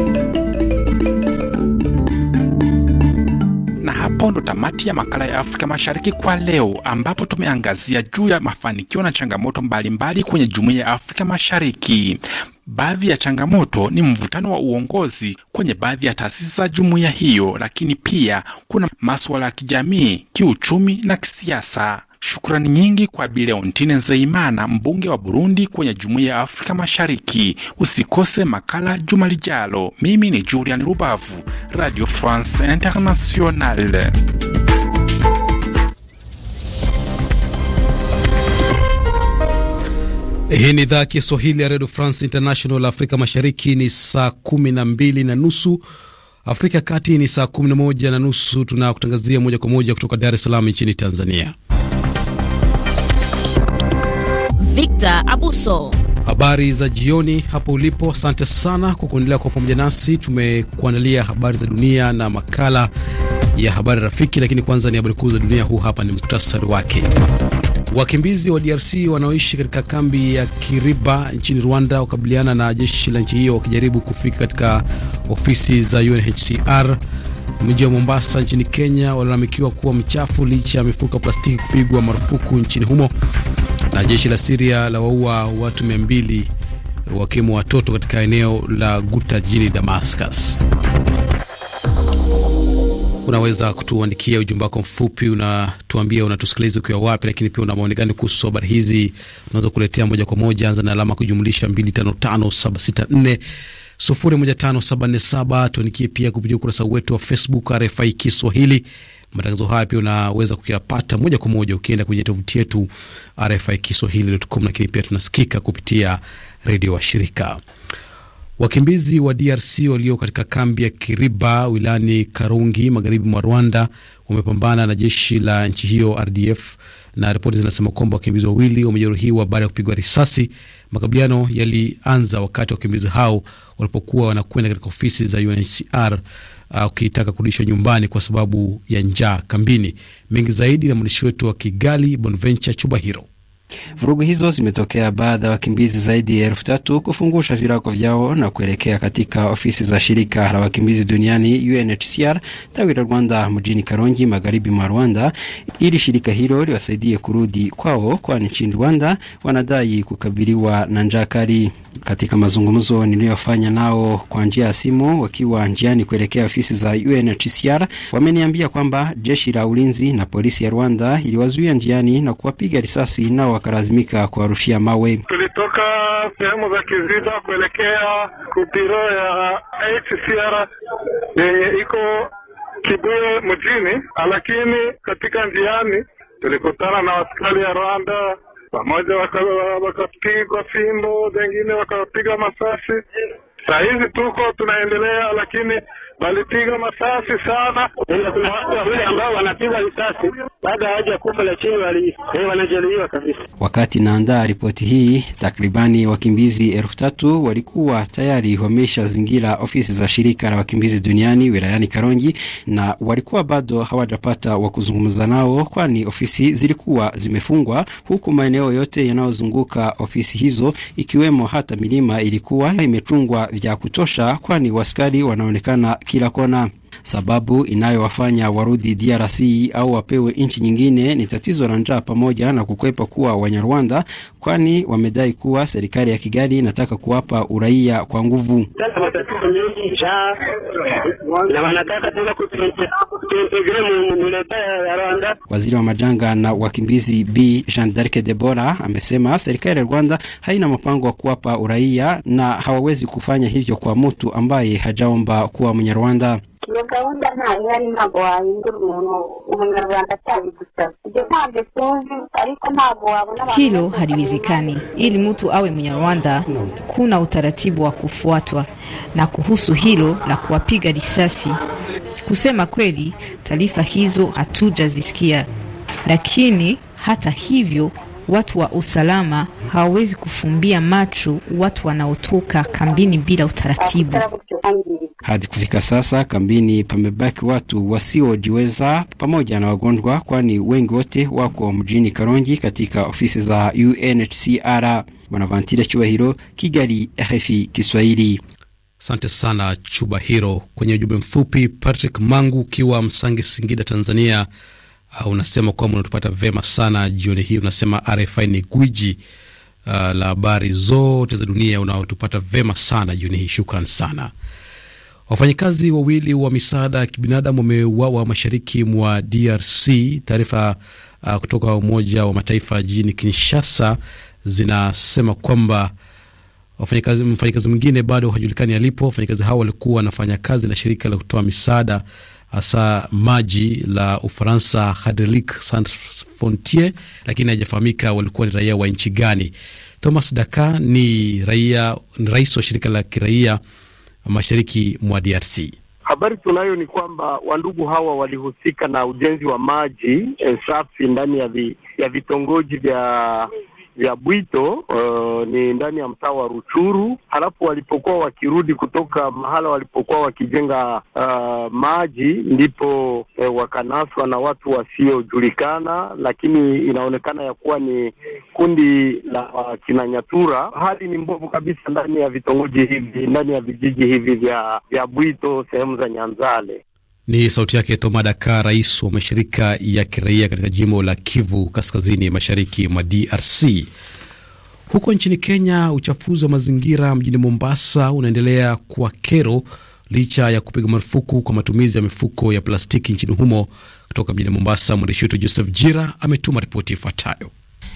na hapo ndo tamati ya makala ya Afrika Mashariki kwa leo, ambapo tumeangazia juu ya mafanikio na changamoto mbalimbali kwenye jumuiya ya Afrika Mashariki. Baadhi ya changamoto ni mvutano wa uongozi kwenye baadhi ya taasisi za jumuiya hiyo, lakini pia kuna masuala ya kijamii, kiuchumi na kisiasa. Shukrani nyingi kwa Bileontine Nzeyimana, mbunge wa Burundi kwenye Jumuiya ya Afrika Mashariki. Usikose makala juma lijalo. Mimi ni Julian Rubavu, Radio France Internationale. Hii ni idhaa ya Kiswahili ya Redio France International. Afrika Mashariki ni saa kumi na mbili na nusu, Afrika ya Kati ni saa kumi na moja na nusu. Tunakutangazia moja kwa moja kutoka Dar es Salaam nchini Tanzania. Victor Abuso. Habari za jioni hapo ulipo. Asante sana kwa kuendelea kwa pamoja nasi. Tumekuandalia habari za dunia na makala ya habari rafiki, lakini kwanza ni habari kuu za dunia. Huu hapa ni muhtasari wake. Wakimbizi wa DRC wanaoishi katika kambi ya Kiriba nchini Rwanda wakabiliana na jeshi la nchi hiyo wakijaribu kufika katika ofisi za UNHCR. Mji wa Mombasa nchini Kenya walalamikiwa kuwa mchafu licha ya mifuko ya plastiki kupigwa marufuku nchini humo. Na jeshi la Siria la waua watu mia mbili wakiwemo watoto katika eneo la Guta jijini Damascus. Unaweza kutuandikia ujumbe wako mfupi, unatuambia unatusikiliza ukiwa wapi, lakini pia una maoni gani kuhusu habari hizi. Unaweza kuletea moja kwa moja, anza na alama kujumlisha 255764 01577. Tuandikie pia kupitia ukurasa wetu wa Facebook RFI Kiswahili. Matangazo haya pia unaweza kuyapata moja kwa moja ukienda kwenye tovuti yetu RFI Kiswahili.com, lakini pia tunasikika kupitia redio wa shirika. Wakimbizi wa DRC walio katika kambi ya Kiriba wilayani Karungi, magharibi mwa Rwanda, wamepambana na jeshi la nchi hiyo RDF, na ripoti zinasema kwamba wakimbizi wawili wamejeruhiwa baada ya kupigwa risasi. Makabiliano yalianza wakati wakimbizi hao walipokuwa wanakwenda katika ofisi za UNHCR uh, ukitaka kurudishwa nyumbani kwa sababu ya njaa kambini. Mengi zaidi na mwandishi wetu wa Kigali Bonventure Chubahiro. Vurugu hizo zimetokea baada ya wakimbizi zaidi ya elfu tatu kufungusha virago vyao na kuelekea katika ofisi za shirika la wakimbizi duniani UNHCR tawi la Rwanda mjini Karongi, magharibi mwa Rwanda, ili shirika hilo liwasaidie kurudi kwao, kwani nchini Rwanda wanadai kukabiliwa na njaa kali. Katika mazungumzo niliyofanya nao kwa njia ya simu wakiwa njiani kuelekea ofisi za UNHCR, wameniambia kwamba jeshi la ulinzi na polisi ya Rwanda iliwazuia njiani na kuwapiga risasi nao wakalazimika kuwarushia mawe. Tulitoka sehemu za Kiziba kuelekea kupiro ya HCR yenye iko Kibuye mjini, lakini katika njiani tulikutana na askari ya Rwanda pamoja, wakapigwa fimbo, wengine wakapiga masasi. Saa hizi tuko tunaendelea, lakini walipiga masasi sana. Watu wale ambao wanapiga risasi baada ya haja kufa, lakini eh, wanajeruhiwa kabisa. Wakati naandaa ripoti hii, takribani wakimbizi elfu tatu walikuwa tayari wamesha zingira ofisi za shirika la wakimbizi duniani wilayani Karongi, na walikuwa bado hawajapata wa kuzungumza nao, kwani ofisi zilikuwa zimefungwa, huku maeneo yote yanayozunguka ofisi hizo ikiwemo hata milima ilikuwa imechungwa vya kutosha, kwani waskari wanaonekana kila kona. Sababu inayowafanya warudi DRC au wapewe nchi nyingine ni tatizo la njaa pamoja na kukwepa kuwa Wanyarwanda, kwani wamedai kuwa serikali ya Kigali inataka kuwapa uraia kwa nguvu. Waziri wa majanga na wakimbizi B Jean Darke Debora amesema serikali ya Rwanda haina mpango wa kuwapa uraia na hawawezi kufanya hivyo kwa mtu ambaye hajaomba kuwa Mnyarwanda iyo gahunda nta ntayo ntabwo wahindura umuntu umunyarwanda cyane gusa ibyo ntabwo tuzi ariko ntabwo wabona abantu hilo haliwezekani ili mtu awe mnyarwanda kuna utaratibu wa kufuatwa na kuhusu hilo la kuwapiga risasi kusema kweli taarifa hizo hatujazisikia lakini hata hivyo watu wa usalama hawawezi kufumbia macho watu wanaotoka kambini bila utaratibu. Hadi kufika sasa, kambini pamebaki watu wasiojiweza pamoja na wagonjwa, kwani wengi wote wako mjini Karongi katika ofisi za UNHCR. Bonaventure Chubahiro, Kigali, RFI Kiswahili. Asante sana Chubahiro. Kwenye ujumbe mfupi, Patrick Mangu ukiwa msangi Singida, Tanzania uh, unasema kwamba unatupata vema sana jioni hii. Unasema RFI ni gwiji uh, la habari zote za dunia, unaotupata vema sana jioni hii, shukran sana. Wafanyakazi wawili wa misaada ya kibinadamu wameuawa mashariki mwa DRC. Taarifa uh, kutoka Umoja wa Mataifa jijini Kinshasa zinasema kwamba mfanyakazi mwingine bado hajulikani alipo. Wafanyakazi hao walikuwa wanafanya kazi na shirika la kutoa misaada hasa maji la Ufaransa, Hadelik Sant Fontier, lakini haijafahamika walikuwa ni raia wa nchi gani. Thomas Daka ni raia, ni rais wa shirika la kiraia mashariki mwa DRC. Habari tunayo ni kwamba wandugu hawa walihusika na ujenzi wa maji eh, safi ndani ya, vi, ya vitongoji vya vya Bwito uh, ni ndani ya mtaa wa Ruchuru. Halafu walipokuwa wakirudi kutoka mahala walipokuwa wakijenga uh, maji, ndipo eh, wakanaswa na watu wasiojulikana, lakini inaonekana ya kuwa ni kundi la uh, Kinanyatura. Hali ni mbovu kabisa ndani ya vitongoji hivi, ndani ya vijiji hivi vya vya Bwito, sehemu za Nyanzale. Ni sauti yake Toma Daka, rais wa mashirika ya kiraia katika jimbo la Kivu Kaskazini, mashariki mwa DRC. Huko nchini Kenya, uchafuzi wa mazingira mjini Mombasa unaendelea kwa kero licha ya kupiga marufuku kwa matumizi ya mifuko ya plastiki nchini humo. Kutoka mjini Mombasa, mwandishi wetu Joseph Jira ametuma ripoti ifuatayo.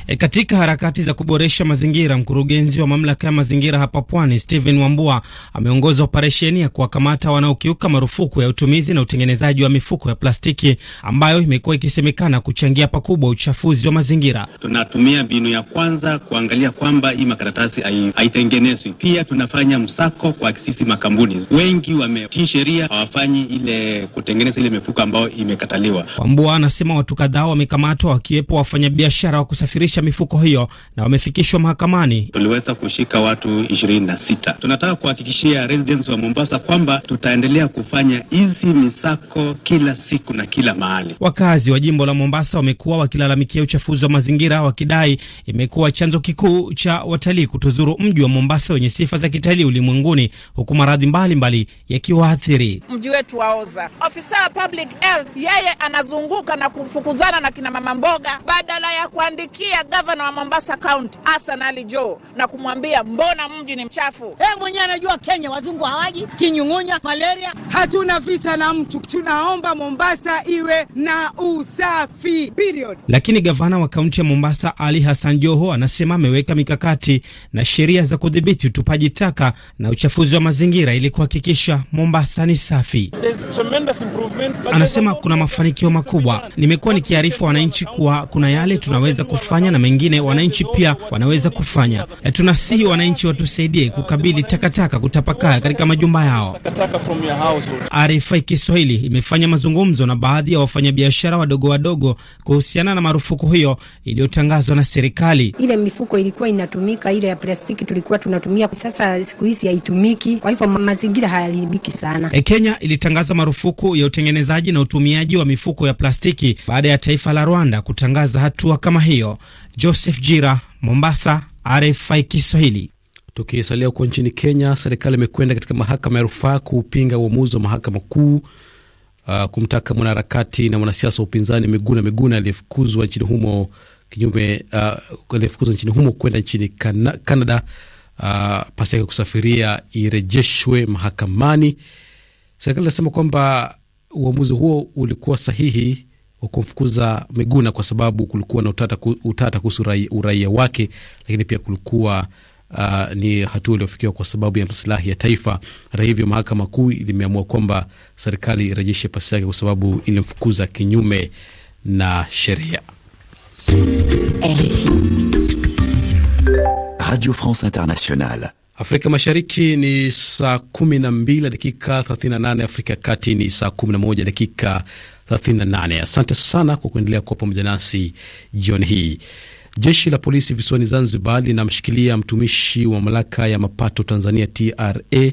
E, katika harakati za kuboresha mazingira, mkurugenzi wa mamlaka ya mazingira hapa Pwani Steven Wambua ameongoza operesheni ya kuwakamata wanaokiuka marufuku ya utumizi na utengenezaji wa mifuko ya plastiki ambayo imekuwa ikisemekana kuchangia pakubwa uchafuzi wa mazingira. Tunatumia mbinu ya kwanza kuangalia kwamba hii makaratasi haitengenezwi. Pia tunafanya msako kwa sisi makampuni wengi wametii sheria, hawafanyi ile kutengeneza ile mifuko ambayo imekataliwa. Wambua anasema watu kadhaa wamekamatwa wakiwepo wafanyabiashara wa kusafirisha cha mifuko hiyo na wamefikishwa mahakamani. Tuliweza kushika watu ishirini na sita. Tunataka kuhakikishia residents wa Mombasa kwamba tutaendelea kufanya hizi misako kila siku na kila mahali. Wakazi wa jimbo la Mombasa wamekuwa wakilalamikia uchafuzi wa mazingira, wakidai imekuwa chanzo kikuu cha watalii kutuzuru mji wa Mombasa wenye sifa za kitalii ulimwenguni, huku maradhi mbalimbali yakiwaathiri mji wetu waoza. Ofisa wa public health yeye anazunguka na kufukuzana na kina mama mboga badala ya kuandikia gavana wa Mombasa County Hassan Ali Joho na kumwambia mbona mji ni mchafu. Yeye mwenyewe anajua Kenya wazungu hawaji, kinyung'unya, malaria. Hatuna vita na mtu, tunaomba Mombasa iwe na usafi period. Lakini gavana wa kaunti ya Mombasa Ali Hassan Joho anasema ameweka mikakati na sheria za kudhibiti utupaji taka na uchafuzi wa mazingira ili kuhakikisha Mombasa ni safi. Anasema kuna mafanikio makubwa. Nimekuwa nikiarifu wananchi kuwa kuna yale tunaweza kufanya na na mengine wananchi pia wanaweza kufanya. E, tunasihi wananchi watusaidie kukabili takataka kutapakaa katika majumba yao. RFI Kiswahili imefanya mazungumzo na baadhi ya wafanyabiashara wadogo wadogo kuhusiana na marufuku hiyo iliyotangazwa na serikali. Ile mifuko ilikuwa inatumika, ile ya plastiki tulikuwa tunatumia, sasa siku hizi haitumiki, kwa hivyo mazingira hayaharibiki sana. E, Kenya ilitangaza marufuku ya utengenezaji na utumiaji wa mifuko ya plastiki baada ya taifa la Rwanda kutangaza hatua kama hiyo. Joseph Jira, Mombasa, RFI Kiswahili. Tukisalia huko nchini Kenya, serikali imekwenda katika mahakama ya rufaa kupinga uamuzi wa mahakama kuu uh, kumtaka mwanaharakati na mwanasiasa wa upinzani Miguna Miguna aliyefukuzwa nchini humo kinyume uh, aliyefukuzwa nchini humo kwenda nchini Canada uh, pasi yake kusafiria irejeshwe mahakamani. Serikali inasema kwamba uamuzi huo ulikuwa sahihi wa kumfukuza Miguna kwa sababu kulikuwa na utata, utata kuhusu uraia wake, lakini pia kulikuwa Uh, ni hatua iliyofikiwa kwa sababu ya masilahi ya taifa. Hata hivyo, mahakama kuu limeamua kwamba serikali irejeshe pasi yake kwa sababu ilimfukuza kinyume na sheria. Radio France Internationale. Afrika Mashariki ni saa 12 dakika 38, Afrika ya Kati ni saa 11 dakika 38. Asante sana kwa kuendelea kuwa pamoja nasi jioni hii. Jeshi la polisi visiwani Zanzibar linamshikilia mtumishi wa mamlaka ya mapato Tanzania TRA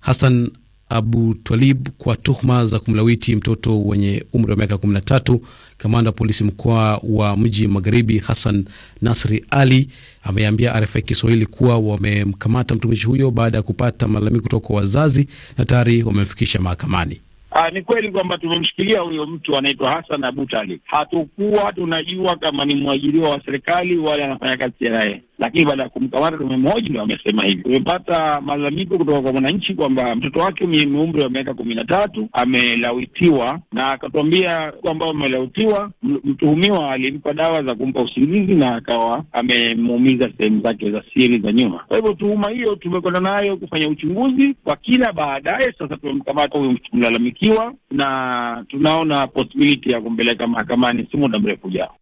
Hassan Abu Twalib kwa tuhuma za kumlawiti mtoto wenye umri wa miaka 13. Kamanda wa polisi mkoa wa mji magharibi Hassan Nasri Ali ameambia RFI Kiswahili kuwa wamemkamata mtumishi huyo baada ya kupata malalamiko kutoka kwa wazazi na tayari wamemfikisha mahakamani. Aa, ah, ni kweli kwamba tumemshikilia huyo mtu anaitwa Hassan Abutali. Hatukuwa tunajua kama ni mwajiriwa wa serikali wala anafanya kazi naye, lakini baada ya kumkamata tumemhoji ndio amesema hivi. Tumepata malalamiko kutoka kwa mwananchi kwamba mtoto wake mwenye umri wa miaka kumi na tatu amelawitiwa, na akatuambia kwamba amelawitiwa, mtuhumiwa alimpa dawa za kumpa usingizi na akawa amemuumiza sehemu zake za siri za nyuma. Kwa hivyo tuhuma hiyo tumekwenda nayo kufanya uchunguzi kwa kila baadaye sasa tumemkamata huyo mlalamiki ameshtakiwa na tunaona possibility ya kumpeleka mahakamani si muda mrefu ujao.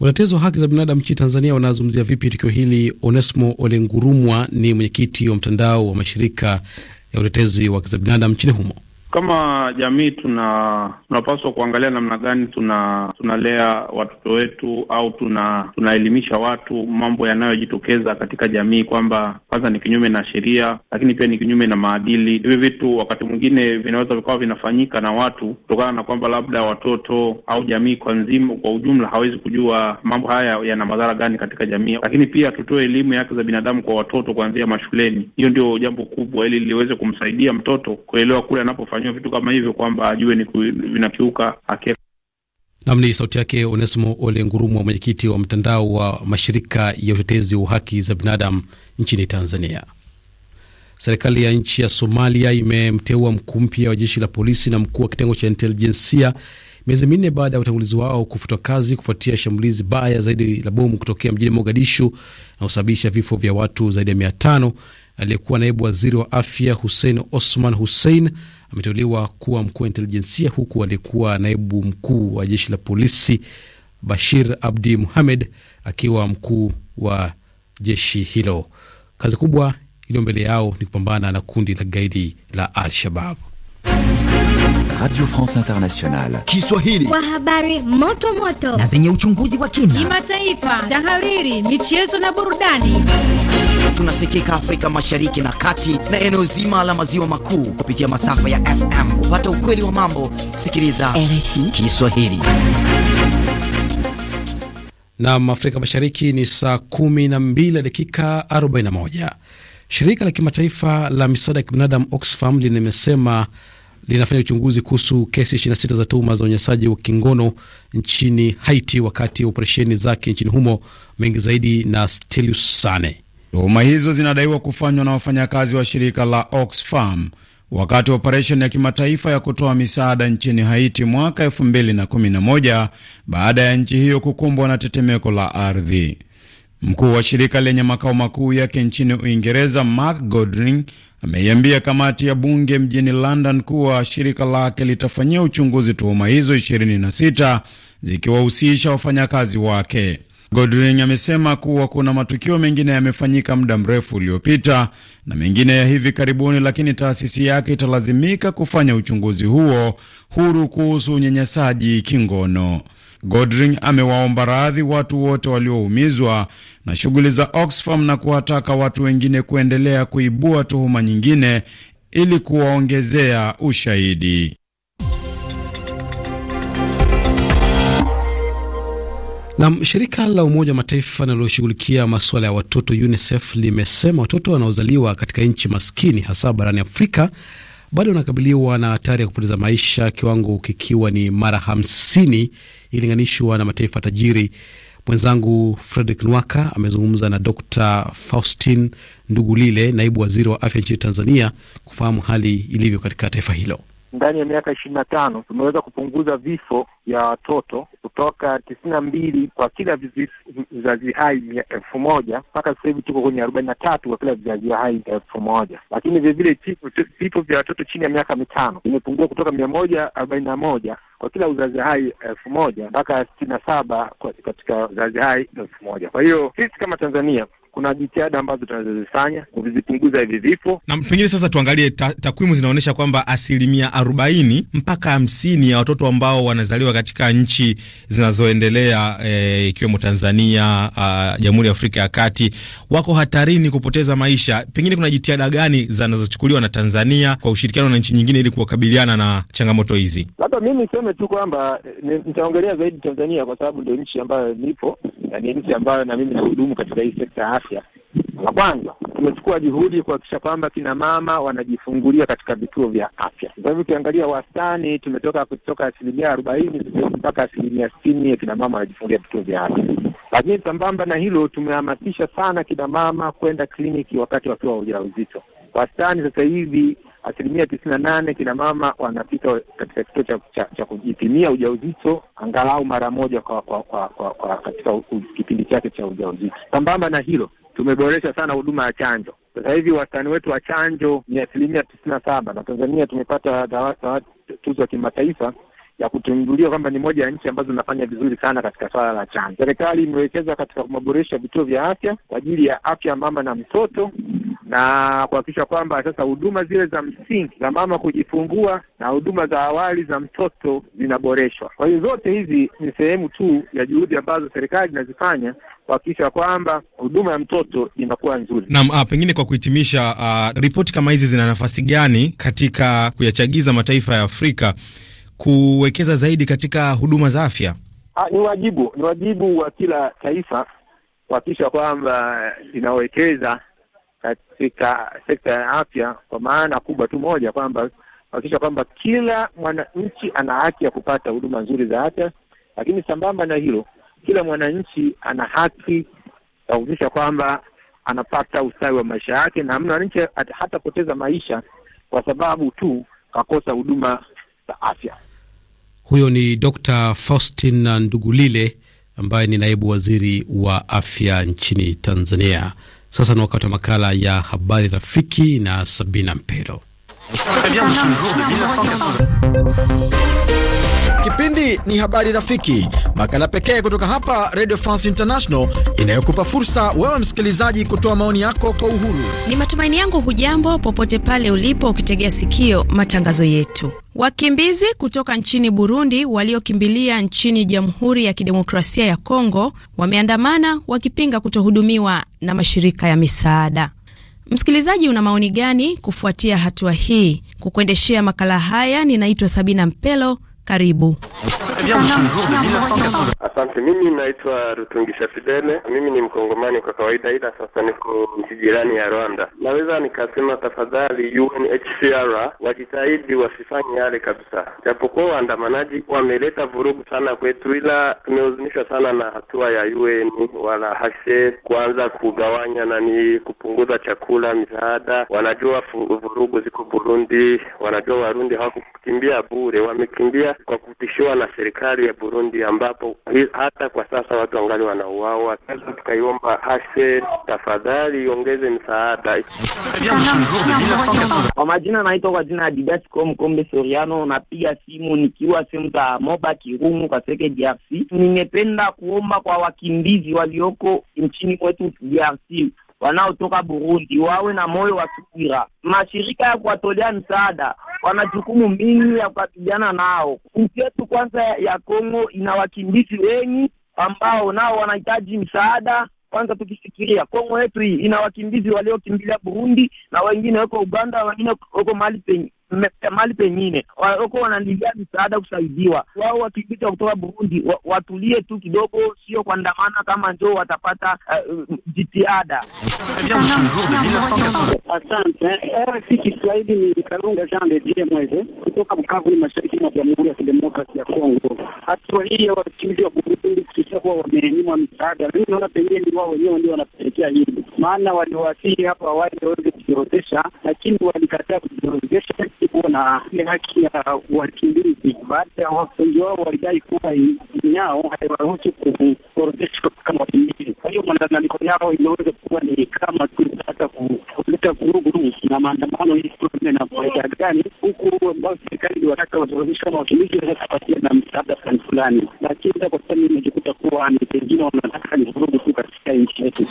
Watetezi wa haki za binadamu nchini Tanzania wanazungumzia vipi tukio hili? Onesmo Olengurumwa ni mwenyekiti wa mtandao wa mashirika ya utetezi wa haki za binadamu nchini humo. Kama jamii tuna tunapaswa kuangalia namna gani tuna tunalea watoto wetu au tuna tunaelimisha watu mambo yanayojitokeza katika jamii, kwamba kwanza ni kinyume na sheria, lakini pia ni kinyume na maadili. Hivi vitu wakati mwingine vinaweza vikawa vinafanyika na watu kutokana na kwamba labda watoto au jamii kwa nzima kwa ujumla hawezi kujua mambo haya yana madhara gani katika jamii. Lakini pia tutoe elimu ya haki za binadamu kwa watoto kuanzia mashuleni. Hiyo ndio jambo kubwa, ili liweze kumsaidia mtoto kuelewa kule anapo kufanyiwa vitu kama hivyo, kwamba ajue ni vinakiuka haki. Nam ni sauti yake Onesimo Ole Ngurumwa, mwenyekiti wa mtandao wa mashirika ya utetezi wa haki za binadamu nchini Tanzania. Serikali ya nchi ya Somalia imemteua mkuu mpya wa jeshi la polisi na mkuu wa kitengo cha intelijensia miezi minne baada ya utangulizi wao kufutwa kazi kufuatia shambulizi baya zaidi la bomu kutokea mjini Mogadishu na kusababisha vifo vya watu zaidi ya mia tano. Aliyekuwa naibu waziri wa afya Hussein Osman Hussein ameteuliwa kuwa mkuu wa intelijensia, huku aliyekuwa naibu mkuu wa jeshi la polisi Bashir Abdi Muhamed akiwa mkuu wa jeshi hilo. Kazi kubwa iliyo mbele yao ni kupambana na kundi la gaidi la Al-Shabab. Radio France Internationale Kiswahili kwa habari moto moto na zenye uchunguzi wa kina, kimataifa, tahariri, michezo na burudani tunasikika Afrika Mashariki na Kati na eneo zima la maziwa makuu kupitia masafa ya FM. Kupata ukweli wa mambo, sikiliza RFI Kiswahili. Nam Afrika Mashariki ni saa 12 dakika 41. Shirika la kimataifa la misaada ya kibinadamu Oxfam limesema linafanya uchunguzi kuhusu kesi 26 za tuhuma za unyanyasaji wa kingono nchini Haiti wakati wa operesheni zake nchini humo. Mengi zaidi na Stelius Sane. Tuhuma hizo zinadaiwa kufanywa na wafanyakazi wa shirika la Oxfam wakati wa operesheni ya kimataifa ya kutoa misaada nchini Haiti mwaka 2011 baada ya nchi hiyo kukumbwa na tetemeko la ardhi. Mkuu wa shirika lenye makao makuu yake nchini Uingereza, Mark godring ameiambia kamati ya bunge mjini London kuwa shirika lake litafanyia uchunguzi tuhuma hizo 26 zikiwahusisha wafanyakazi wake. Godring amesema kuwa kuna matukio mengine yamefanyika muda mrefu uliopita na mengine ya hivi karibuni, lakini taasisi yake italazimika kufanya uchunguzi huo huru kuhusu unyanyasaji kingono. Godring amewaomba radhi watu wote walioumizwa na shughuli za Oxfam na kuwataka watu wengine kuendelea kuibua tuhuma nyingine ili kuwaongezea ushahidi. Nam, shirika la Umoja wa Mataifa linaloshughulikia masuala ya watoto UNICEF limesema watoto wanaozaliwa katika nchi maskini hasa barani Afrika bado wanakabiliwa na hatari ya kupoteza maisha, kiwango kikiwa ni mara hamsini ikilinganishwa na mataifa tajiri. Mwenzangu Fredrick Nwaka amezungumza na Dr Faustin Ndugulile, naibu waziri wa afya nchini Tanzania, kufahamu hali ilivyo katika taifa hilo ndani ya miaka ishirini na tano tumeweza kupunguza vifo vya watoto kutoka tisini na mbili kwa kila vizazi hai elfu moja mpaka sasa hivi tuko kwenye arobaini na tatu kwa kila vizazi hai elfu moja lakini vilevile vifo vya watoto chini ya miaka mitano vimepungua kutoka mia moja arobaini na moja kwa kila uzazi hai elfu moja mpaka sitini na saba katika uzazi hai elfu moja. Kwa hiyo sisi kama Tanzania kuna jitihada ambazo tunazozifanya kuvizipunguza hivi vifo. Na pengine sasa tuangalie ta, takwimu zinaonyesha kwamba asilimia arobaini mpaka hamsini ya watoto ambao wanazaliwa katika nchi zinazoendelea e, ikiwemo e, Tanzania, Jamhuri ya Afrika ya Kati wako hatarini kupoteza maisha. Pengine kuna jitihada gani zinazochukuliwa na Tanzania kwa ushirikiano na nchi nyingine ili kuwakabiliana na changamoto hizi? Labda mimi niseme tu kwamba e, nitaongelea zaidi Tanzania kwa sababu ndio nchi ambayo nipo na ni nchi ambayo na mimi nahudumu katika hii sekta afya. La kwanza tumechukua juhudi kuhakikisha kwamba kina mama wanajifungulia katika vituo vya afya. Kwa hivyo ukiangalia wastani tumetoka kutoka asilimia arobaini mpaka asilimia sitini ya kina mama wanajifungulia vituo vya afya. Lakini sambamba na hilo, tumehamasisha sana kina mama kwenda kliniki wakati wakiwa ujauzito. Wastani sasa hivi asilimia tisini na nane kina mama wanapita katika kituo cha, cha, cha kujipimia ujauzito angalau mara moja kwa, kwa, kwa, kwa, kwa katika kipindi chake cha ujauzito. Sambamba na hilo, tumeboresha sana huduma ya chanjo. Sasa hivi wastani wetu wa chanjo ni asilimia tisini na saba na Tanzania tumepata DAWASA tuzo ya kimataifa ya kutungulia kwamba ni moja ya nchi ambazo zinafanya vizuri sana katika swala la chanjo. Serikali imewekeza katika kumaboresha vituo vya afya kwa ajili ya afya mama na mtoto na kuhakikisha kwamba sasa huduma zile za msingi za mama kujifungua na huduma za awali za mtoto zinaboreshwa. Kwa hiyo zote hizi ni sehemu tu ya juhudi ambazo serikali inazifanya kuhakikisha kwamba huduma ya mtoto inakuwa nzuri. Naam, ah, pengine kwa kuhitimisha, ah, ripoti kama hizi zina nafasi gani katika kuyachagiza mataifa ya Afrika kuwekeza zaidi katika huduma za afya? Ah, ni wajibu ni wajibu wa kila taifa kuhakikisha kwamba linawekeza katika sekta ya afya kwa maana kubwa tu moja, kwamba kuhakikisha kwamba kila mwananchi ana haki ya kupata huduma nzuri za afya, lakini sambamba na hilo, kila mwananchi ana haki ya kuhakikisha kwamba anapata ustawi wa maisha yake, na mwananchi hatapoteza maisha kwa sababu tu kakosa huduma za afya. Huyo ni Dr. Faustin Ndugulile ambaye ni naibu waziri wa afya nchini Tanzania. Sasa ni wakati wa makala ya habari rafiki na Sabina mpero Kipindi ni habari rafiki, makala pekee kutoka hapa Radio France International inayokupa fursa wewe msikilizaji kutoa maoni yako kwa uhuru. Ni matumaini yangu hujambo popote pale ulipo ukitegea sikio matangazo yetu. Wakimbizi kutoka nchini Burundi waliokimbilia nchini Jamhuri ya Kidemokrasia ya Kongo wameandamana wakipinga kutohudumiwa na mashirika ya misaada. Msikilizaji, una maoni gani kufuatia hatua hii? Kukuendeshea makala haya ninaitwa Sabina Mpelo. Karibu. Asante. Mimi naitwa Rutungisha Fidele, mimi ni mkongomani kwa kawaida, ila sasa niko nchi jirani ya Rwanda. Naweza nikasema tafadhali, UNHCR wajitahidi wasifanye yale kabisa, japokuwa waandamanaji wameleta vurugu sana kwetu, ila tumehuzunishwa sana na hatua ya UN wala hashe kuanza kugawanya nani, kupunguza chakula, misaada. Wanajua vurugu ziko Burundi, wanajua Warundi hawakukimbia bure, wamekimbia kwa kutishiwa na serikali ya Burundi, ambapo hata kwa sasa watu wangali wanauawa. Sasa tukaiomba HCR tafadhali iongeze msaada. Kwa majina naitwa kwa jina ya Didasco Mkombe Soriano, napiga simu nikiwa sehemu za Moba Kirumu Kaseke, DRC. Nimependa kuomba kwa wakimbizi walioko nchini kwetu DRC wanaotoka Burundi wawe na moyo wa subira. Mashirika ya kuwatolea msaada wana jukumu mingi ya kukabiliana nao. Nchi yetu kwanza ya Kongo ina wakimbizi wengi ambao nao wanahitaji msaada. Kwanza tukifikiria Kongo yetu hii ina wakimbizi waliokimbilia Burundi na wengine wako Uganda, wengine wako mahali mahali pengine wako wananilia misaada kusaidiwa. Wao wakipita kutoka Burundi watulie tu kidogo, sio ndamana kama njoo watapata uh, jitihada. Asante. Eh, Kiswahili ni Karunga Jean de Dieu Mweze kutoka Bukavu, ni mashariki mwa Jamhuri ya Kidemokrasi ya Kongo. Hatua hii ya wakimbizi wa Burundi kusisia kuwa wamenyimwa misaada, mimi naona pengine ni wao wenyewe ndio wanapelekea hili, maana waliwasili hapo awali waweze kujiorodhesha, lakini walikataa kujiorodhesha kuona ile haki ya wakimbizi. baada ya wafungi wao walidai kuwa nchi yao haiwaruhusu kuorodheshwa kama wakimbizi. Kwa hiyo malalamiko yao imeweza kuwa ni kama tu sasa kuleta vurugu na maandamano hii na faida gani, huku ambao serikali iliwataka waorodheshwe kama wakimbizi waweza kupatia na msaada fulani fulani, lakini kwa sasa nimejikuta kuwa ni pengine wanataka ni vurugu tu katika nchi yetu.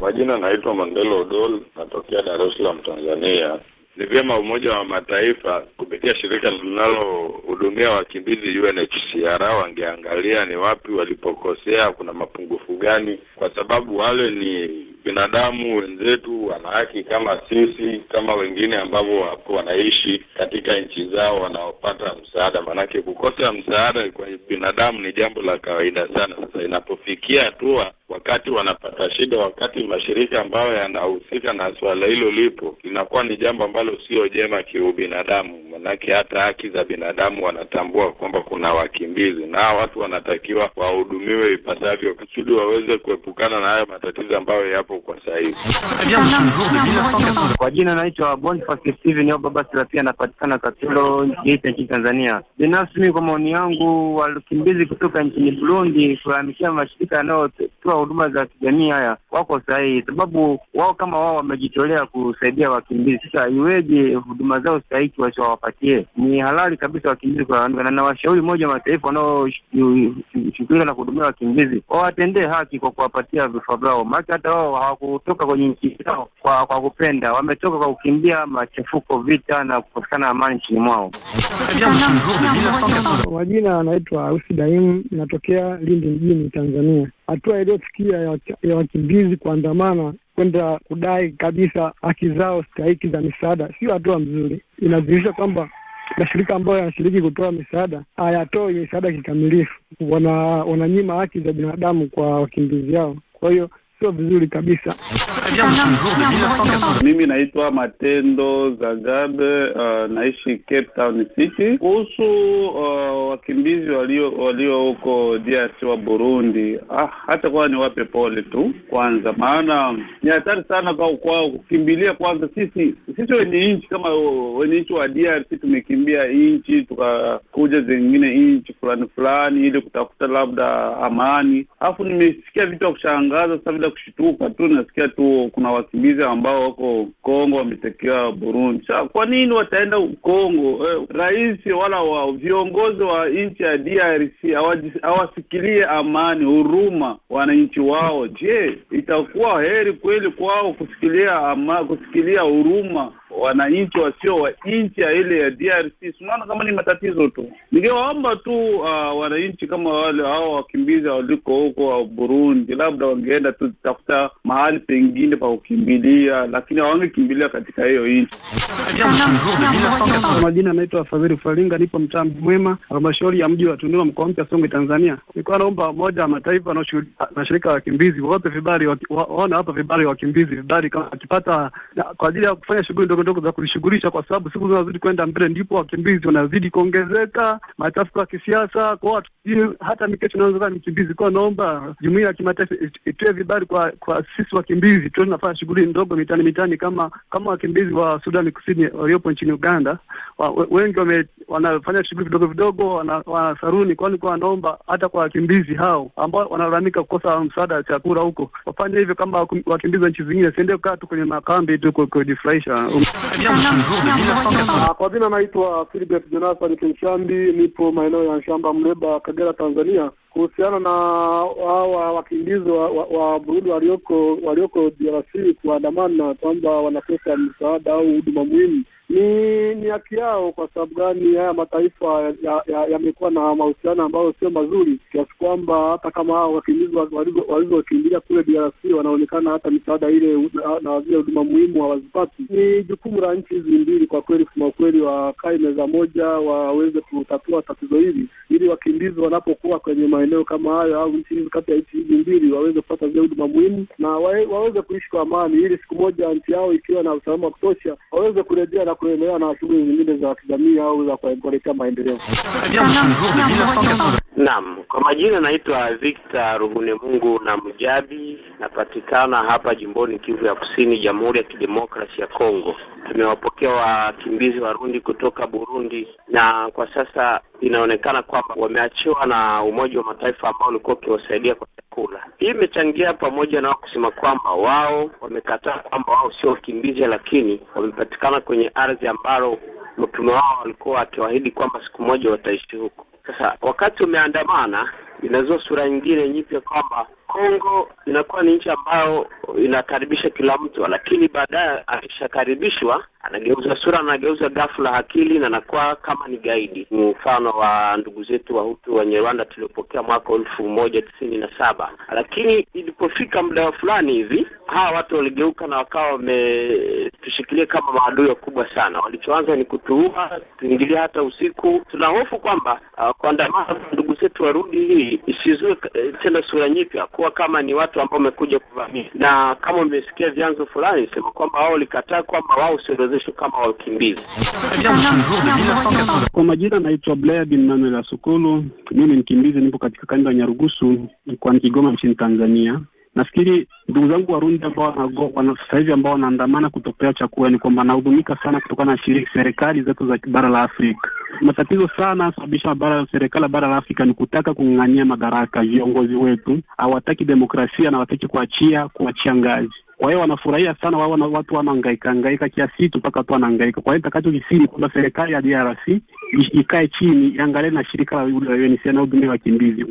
Kwa jina naitwa Mandelo Odol, natokea Dar es Salaam, Tanzania ni vyema Umoja wa Mataifa kupitia shirika linalohudumia wakimbizi UNHCR wangeangalia ni wapi walipokosea, kuna mapungufu gani, kwa sababu wale ni binadamu wenzetu, wana haki kama sisi, kama wengine ambavyo wapo wanaishi katika nchi zao wanaopata msaada. Maanake kukosa msaada kwa binadamu ni jambo la kawaida sana. Sasa inapofikia hatua wakati wanapata shida, wakati mashirika ambayo yanahusika na suala hilo lipo, linakuwa ni jambo ambalo sio jema kiubinadamu. Manake hata haki za binadamu wanatambua kwamba kuna wakimbizi na watu wanatakiwa wahudumiwe ipasavyo kusudi waweze kuepukana na hayo matatizo ambayo yapo kwa sahizi. Kwa jina naitwa Boniface Steven au Baba Serapia, anapatikana Katoro, Geita nchini Tanzania. Binafsi mimi, kwa maoni yangu, wakimbizi kutoka nchini Burundi kulalamikia mashirika yanayotoa huduma za kijamii haya wako sahihi, sababu wao kama wao wamejitolea kusaidia wakimbizi, sasa iweje huduma zao stahiki wasiwawapatie? Ni halali kabisa wakimbizi kwa, na nawashauri Umoja wa Mataifa wanaoshughulika na kuhudumia wakimbizi wawatendee haki kwa kuwapatia vifaa vyao, maake hata wao hawakutoka kwenye nchi zao kwa, kwa kupenda, wametoka kwa kukimbia machafuko, vita na kukosekana amani nchini mwao. Kwa majina anaitwa Ausi Daimu, natokea Lindi mjini, Tanzania hatua iliyofikia ya wakimbizi kuandamana kwenda kudai kabisa haki zao stahiki za misaada sio hatua mzuri. Inadhihirisha kwamba mashirika ambayo yanashiriki kutoa misaada hayatoi misaada kikamilifu, wananyima wana haki za binadamu kwa wakimbizi hao. Kwa hiyo sio vizuri kabisa. Mimi naitwa Matendo Zagabe, uh, naishi Cape Town City. Kuhusu uh, wakimbizi walio walio huko DRC wa Burundi, ah, hata kwa ni wape pole tu kwanza, maana ni hatari sana kwa kwao kukimbilia. Kwanza sisi sisi wenye nchi kama wenye nchi wa DRC tumekimbia nchi tukakuja zingine nchi fulani fulani ili kutafuta labda amani, alafu nimesikia vitu vya kushangaza sasa wanaanza kushtuka tu, nasikia tu kuna wakimbizi ambao wako Kongo wametekewa Burundi. Sa kwa nini wataenda Kongo? Eh, rais wala wa viongozi wa nchi ya DRC hawasikilie amani, huruma wananchi wao. Je, itakuwa heri kweli kwao kusikilia ama, kusikilia huruma wananchi wasio wa nchi ya ile ya DRC, tunaona kama ni matatizo tu. Ningewaomba tu uh, wananchi kama wale hao wakimbizi waliko huko wa Burundi, labda wangeenda tu tafuta mahali pengine pa kukimbilia, lakini hawangekimbilia katika hiyo nchi. Majina anaitwa Fadhili Faringa, nipo mtaa Mwema, halmashauri ya mji wa Tunduma, mkoa mpya Songwe, Tanzania. Nilikuwa naomba Umoja wa Mataifa na shirika wakimbizi wape vibali, waone hapa vibali wakimbizi, vibali kama wakipata kwa ajili ya kufanya shughuli ndogo ndogo za kulishughulisha, kwa sababu siku zinazozidi kwenda mbele ndipo wakimbizi wanazidi kuongezeka, machafuko ya kisiasa kwao, hatujui hata mikesho inaweza kuwa mikimbizi kwao. Naomba jumuia ya kimataifa itoe vibali kwa kwa sisi wakimbizi, tuwe tunafanya shughuli ndogo mitani mitani, kama kama wakimbizi wa Sudani Kusini waliopo nchini Uganda wa, wengi wame, wanafanya shughuli vidogo vidogo, wanasaruni wana kwani kwa wanaomba hata kwa wakimbizi hao ambao wanalalamika kukosa msaada wa chakula huko, wafanye hivyo kama wakimbizi wa nchi zingine, siende kukaa tu kwenye makambi tu kujifurahisha. um. Ah, kwa jina naitwa Philibert Jonathan Kinchandi, nipo maeneo ya shamba Mleba, Kagera, Tanzania. Kuhusiana na hawa wakimbizi wa, wa Burundi walioko walioko DRC kuandamana kwamba wanakosa msaada au huduma muhimu ni ni haki yao. Kwa sababu gani? Haya mataifa yamekuwa ya, ya na mahusiano ambayo sio mazuri kiasi kwamba hata kama hao wakimbizi walizokimbilia kule DRC wanaonekana hata misaada ile na zile huduma muhimu hawazipati. Ni jukumu la nchi hizi mbili kwa kweli, kusema ukweli, wakae meza moja waweze kutatua tatizo hili, ili wakimbizi wanapokuwa kwenye maeneo kama hayo au nchi hizi, kati ya nchi hizi mbili waweze kupata zile huduma muhimu na waweze kuishi kwa amani, ili siku moja nchi yao ikiwa na usalama wa kutosha waweze kurejea na kuelewa na shughuli zingine za kijamii au za kuelekea maendeleo. Naam, kwa majina naitwa Victor Ruhunemungu na Mjabi, napatikana hapa jimboni Kivu ya Kusini, Jamhuri ya Kidemokrasi ya Kongo. Tumewapokea wakimbizi Warundi kutoka Burundi na kwa sasa inaonekana kwamba wameachiwa na Umoja wa Mataifa ambao ulikuwa ukiwasaidia kwa chakula. Hii imechangia pamoja na wao kusema kwamba wao wamekataa kwamba wao sio wakimbizi, lakini wamepatikana kwenye ardhi ambalo mtume wao walikuwa wakiwaahidi kwamba siku moja wataishi huko. Sasa wakati umeandamana, inazua sura nyingine nyipya kwamba Kongo inakuwa ni nchi ambayo inakaribisha kila mtu, lakini baadaye akishakaribishwa anageuza sura, anageuza ghafla akili na anakuwa kama ni gaidi. Mfano wa ndugu zetu Wahutu wenye Rwanda tuliopokea mwaka elfu moja tisini na saba, lakini ilipofika muda wa fulani hivi hawa watu waligeuka na wakawa wametushikilia kama maadui wakubwa sana. Walichoanza ni kutuua, tuingilia hata usiku. Tunahofu kwamba uh, kuandamana ndugu zetu warudi hii isizue uh, tena sura nyipya kuwa kama ni watu ambao wamekuja kuvamia, na kama umesikia vyanzo fulani sema kwamba wao walikataa kwamba wao sio kuwarejesha kama wakimbizi. Kwa majina naitwa Blair bin Manuel Asukulu, mimi ni mkimbizi, nipo katika kanda ya Nyarugusu mkoani Kigoma nchini Tanzania. Nafikiri ndugu zangu Warundi ambao sasa hivi ambao wanaandamana kutopea chakula ni kwamba anahudumika sana kutokana na shiriki serikali zetu za bara la Afrika. Matatizo sana sababisha bara serikali ya bara la Afrika ni kutaka kung'ang'ania madaraka. Viongozi wetu hawataki demokrasia na hawataki kuachia kuachia ngazi kwa hiyo wanafurahia sana wao, na watu wanahangaika hangaika kiasi tu mpaka watu wanahangaika. Kwa hiyo mtakacho kisiri kwamba serikali ya DRC ikae chini, iangalie na shirika la UNHCR na hudumia wakimbizi,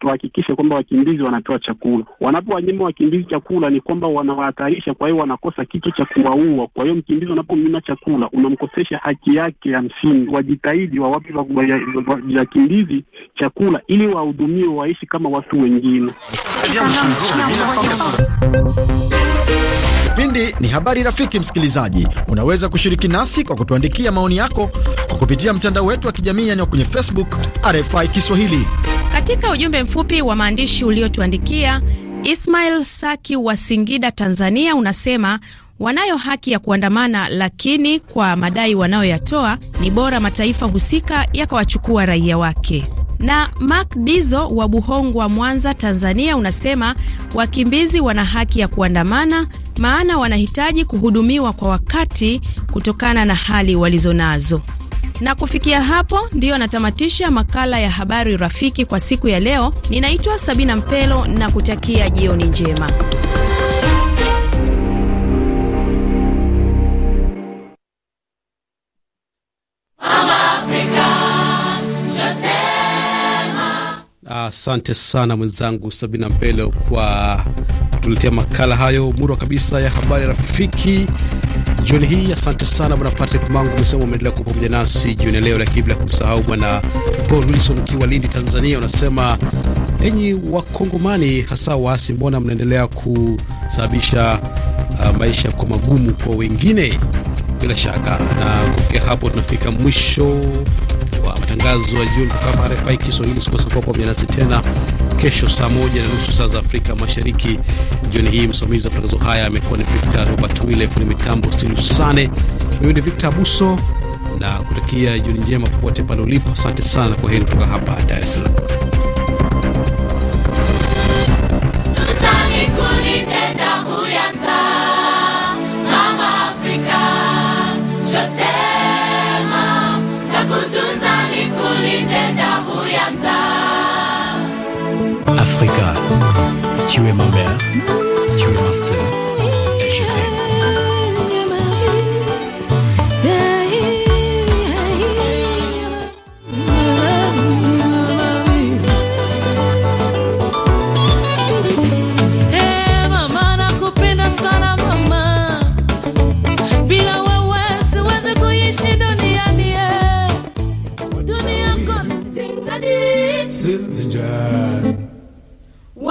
wahakikishe kwamba wakimbizi wanapewa chakula. Wanapowanyima wakimbizi chakula ni kwamba wanawahatarisha, kwa hiyo wanakosa kitu cha kuwaua. Kwa hiyo mkimbizi wanapomnyima chakula unamkosesha haki yake ya msingi. Wajitahidi wawape wakimbizi chakula ili wahudumiwe, waishi kama watu wengine. Kipindi ni habari rafiki. Msikilizaji, unaweza kushiriki nasi kwa kutuandikia maoni yako kwa kupitia mtandao wetu wa kijamii yaani kwenye Facebook RFI Kiswahili. Katika ujumbe mfupi wa maandishi uliotuandikia, Ismail Saki wa Singida, Tanzania, unasema wanayo haki ya kuandamana, lakini kwa madai wanayoyatoa ni bora mataifa husika yakawachukua raia wake. Na Mark Dizo wa Buhongwa, Mwanza, Tanzania, unasema wakimbizi wana haki ya kuandamana, maana wanahitaji kuhudumiwa kwa wakati kutokana na hali walizonazo. Na kufikia hapo ndiyo anatamatisha makala ya habari rafiki kwa siku ya leo. Ninaitwa Sabina Mpelo na kutakia jioni njema. Asante sana mwenzangu Sabina mbelo kwa kutuletea makala hayo murwa kabisa ya habari rafiki jioni hii. Asante sana bwana Patrick Mangu, umesema umeendelea kuwa pamoja nasi jioni ya leo, lakini bila kumsahau bwana Paul Wilson ukiwa Lindi, Tanzania, unasema enyi Wakongomani, hasa waasi, mbona mnaendelea kusababisha uh, maisha kwa magumu kwa wengine? bila shaka. Na kufikia hapo tunafika mwisho wa matangazo ya jioni kutoka RFI Kiswahili. Usikose kuwa pamoja nasi tena kesho saa moja na nusu saa za Afrika Mashariki. Jioni hii msimamizi wa matangazo haya amekuwa ni Victor Robert Wille, fundi mitambo Stilusane, mimi ni Victor Abuso na kutakia jioni njema popote pale ulipo. Asante sana, kwa heri kutoka hapa Dar es Salaam. Africa, tu es ma mère, tu es ma soeur.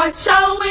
What shall we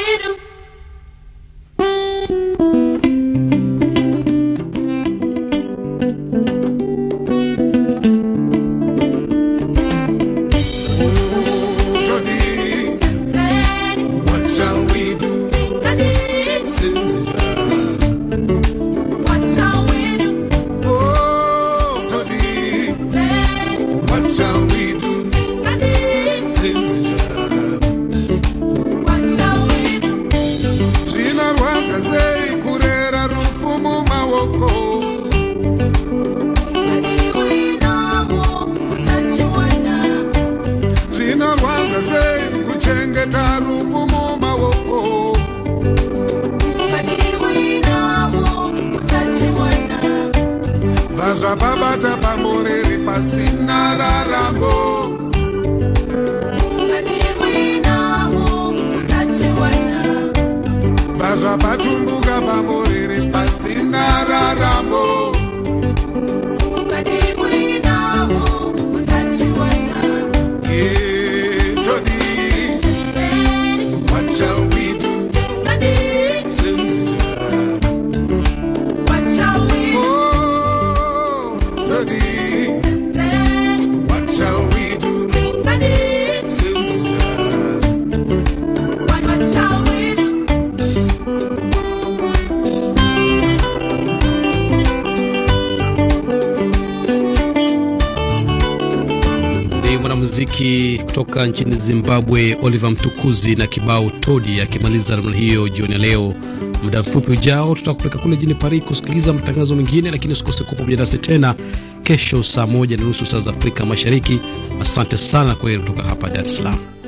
Zimbabwe Oliver Mtukuzi na kibao Todi akimaliza namna hiyo jioni ya leo. Muda mfupi ujao tutakupeleka kule jini Paris kusikiliza matangazo mengine, lakini usikose kuwa pamoja nasi tena kesho saa moja na nusu saa za Afrika Mashariki. Asante sana kwa heri kutoka hapa Dar es Salaam.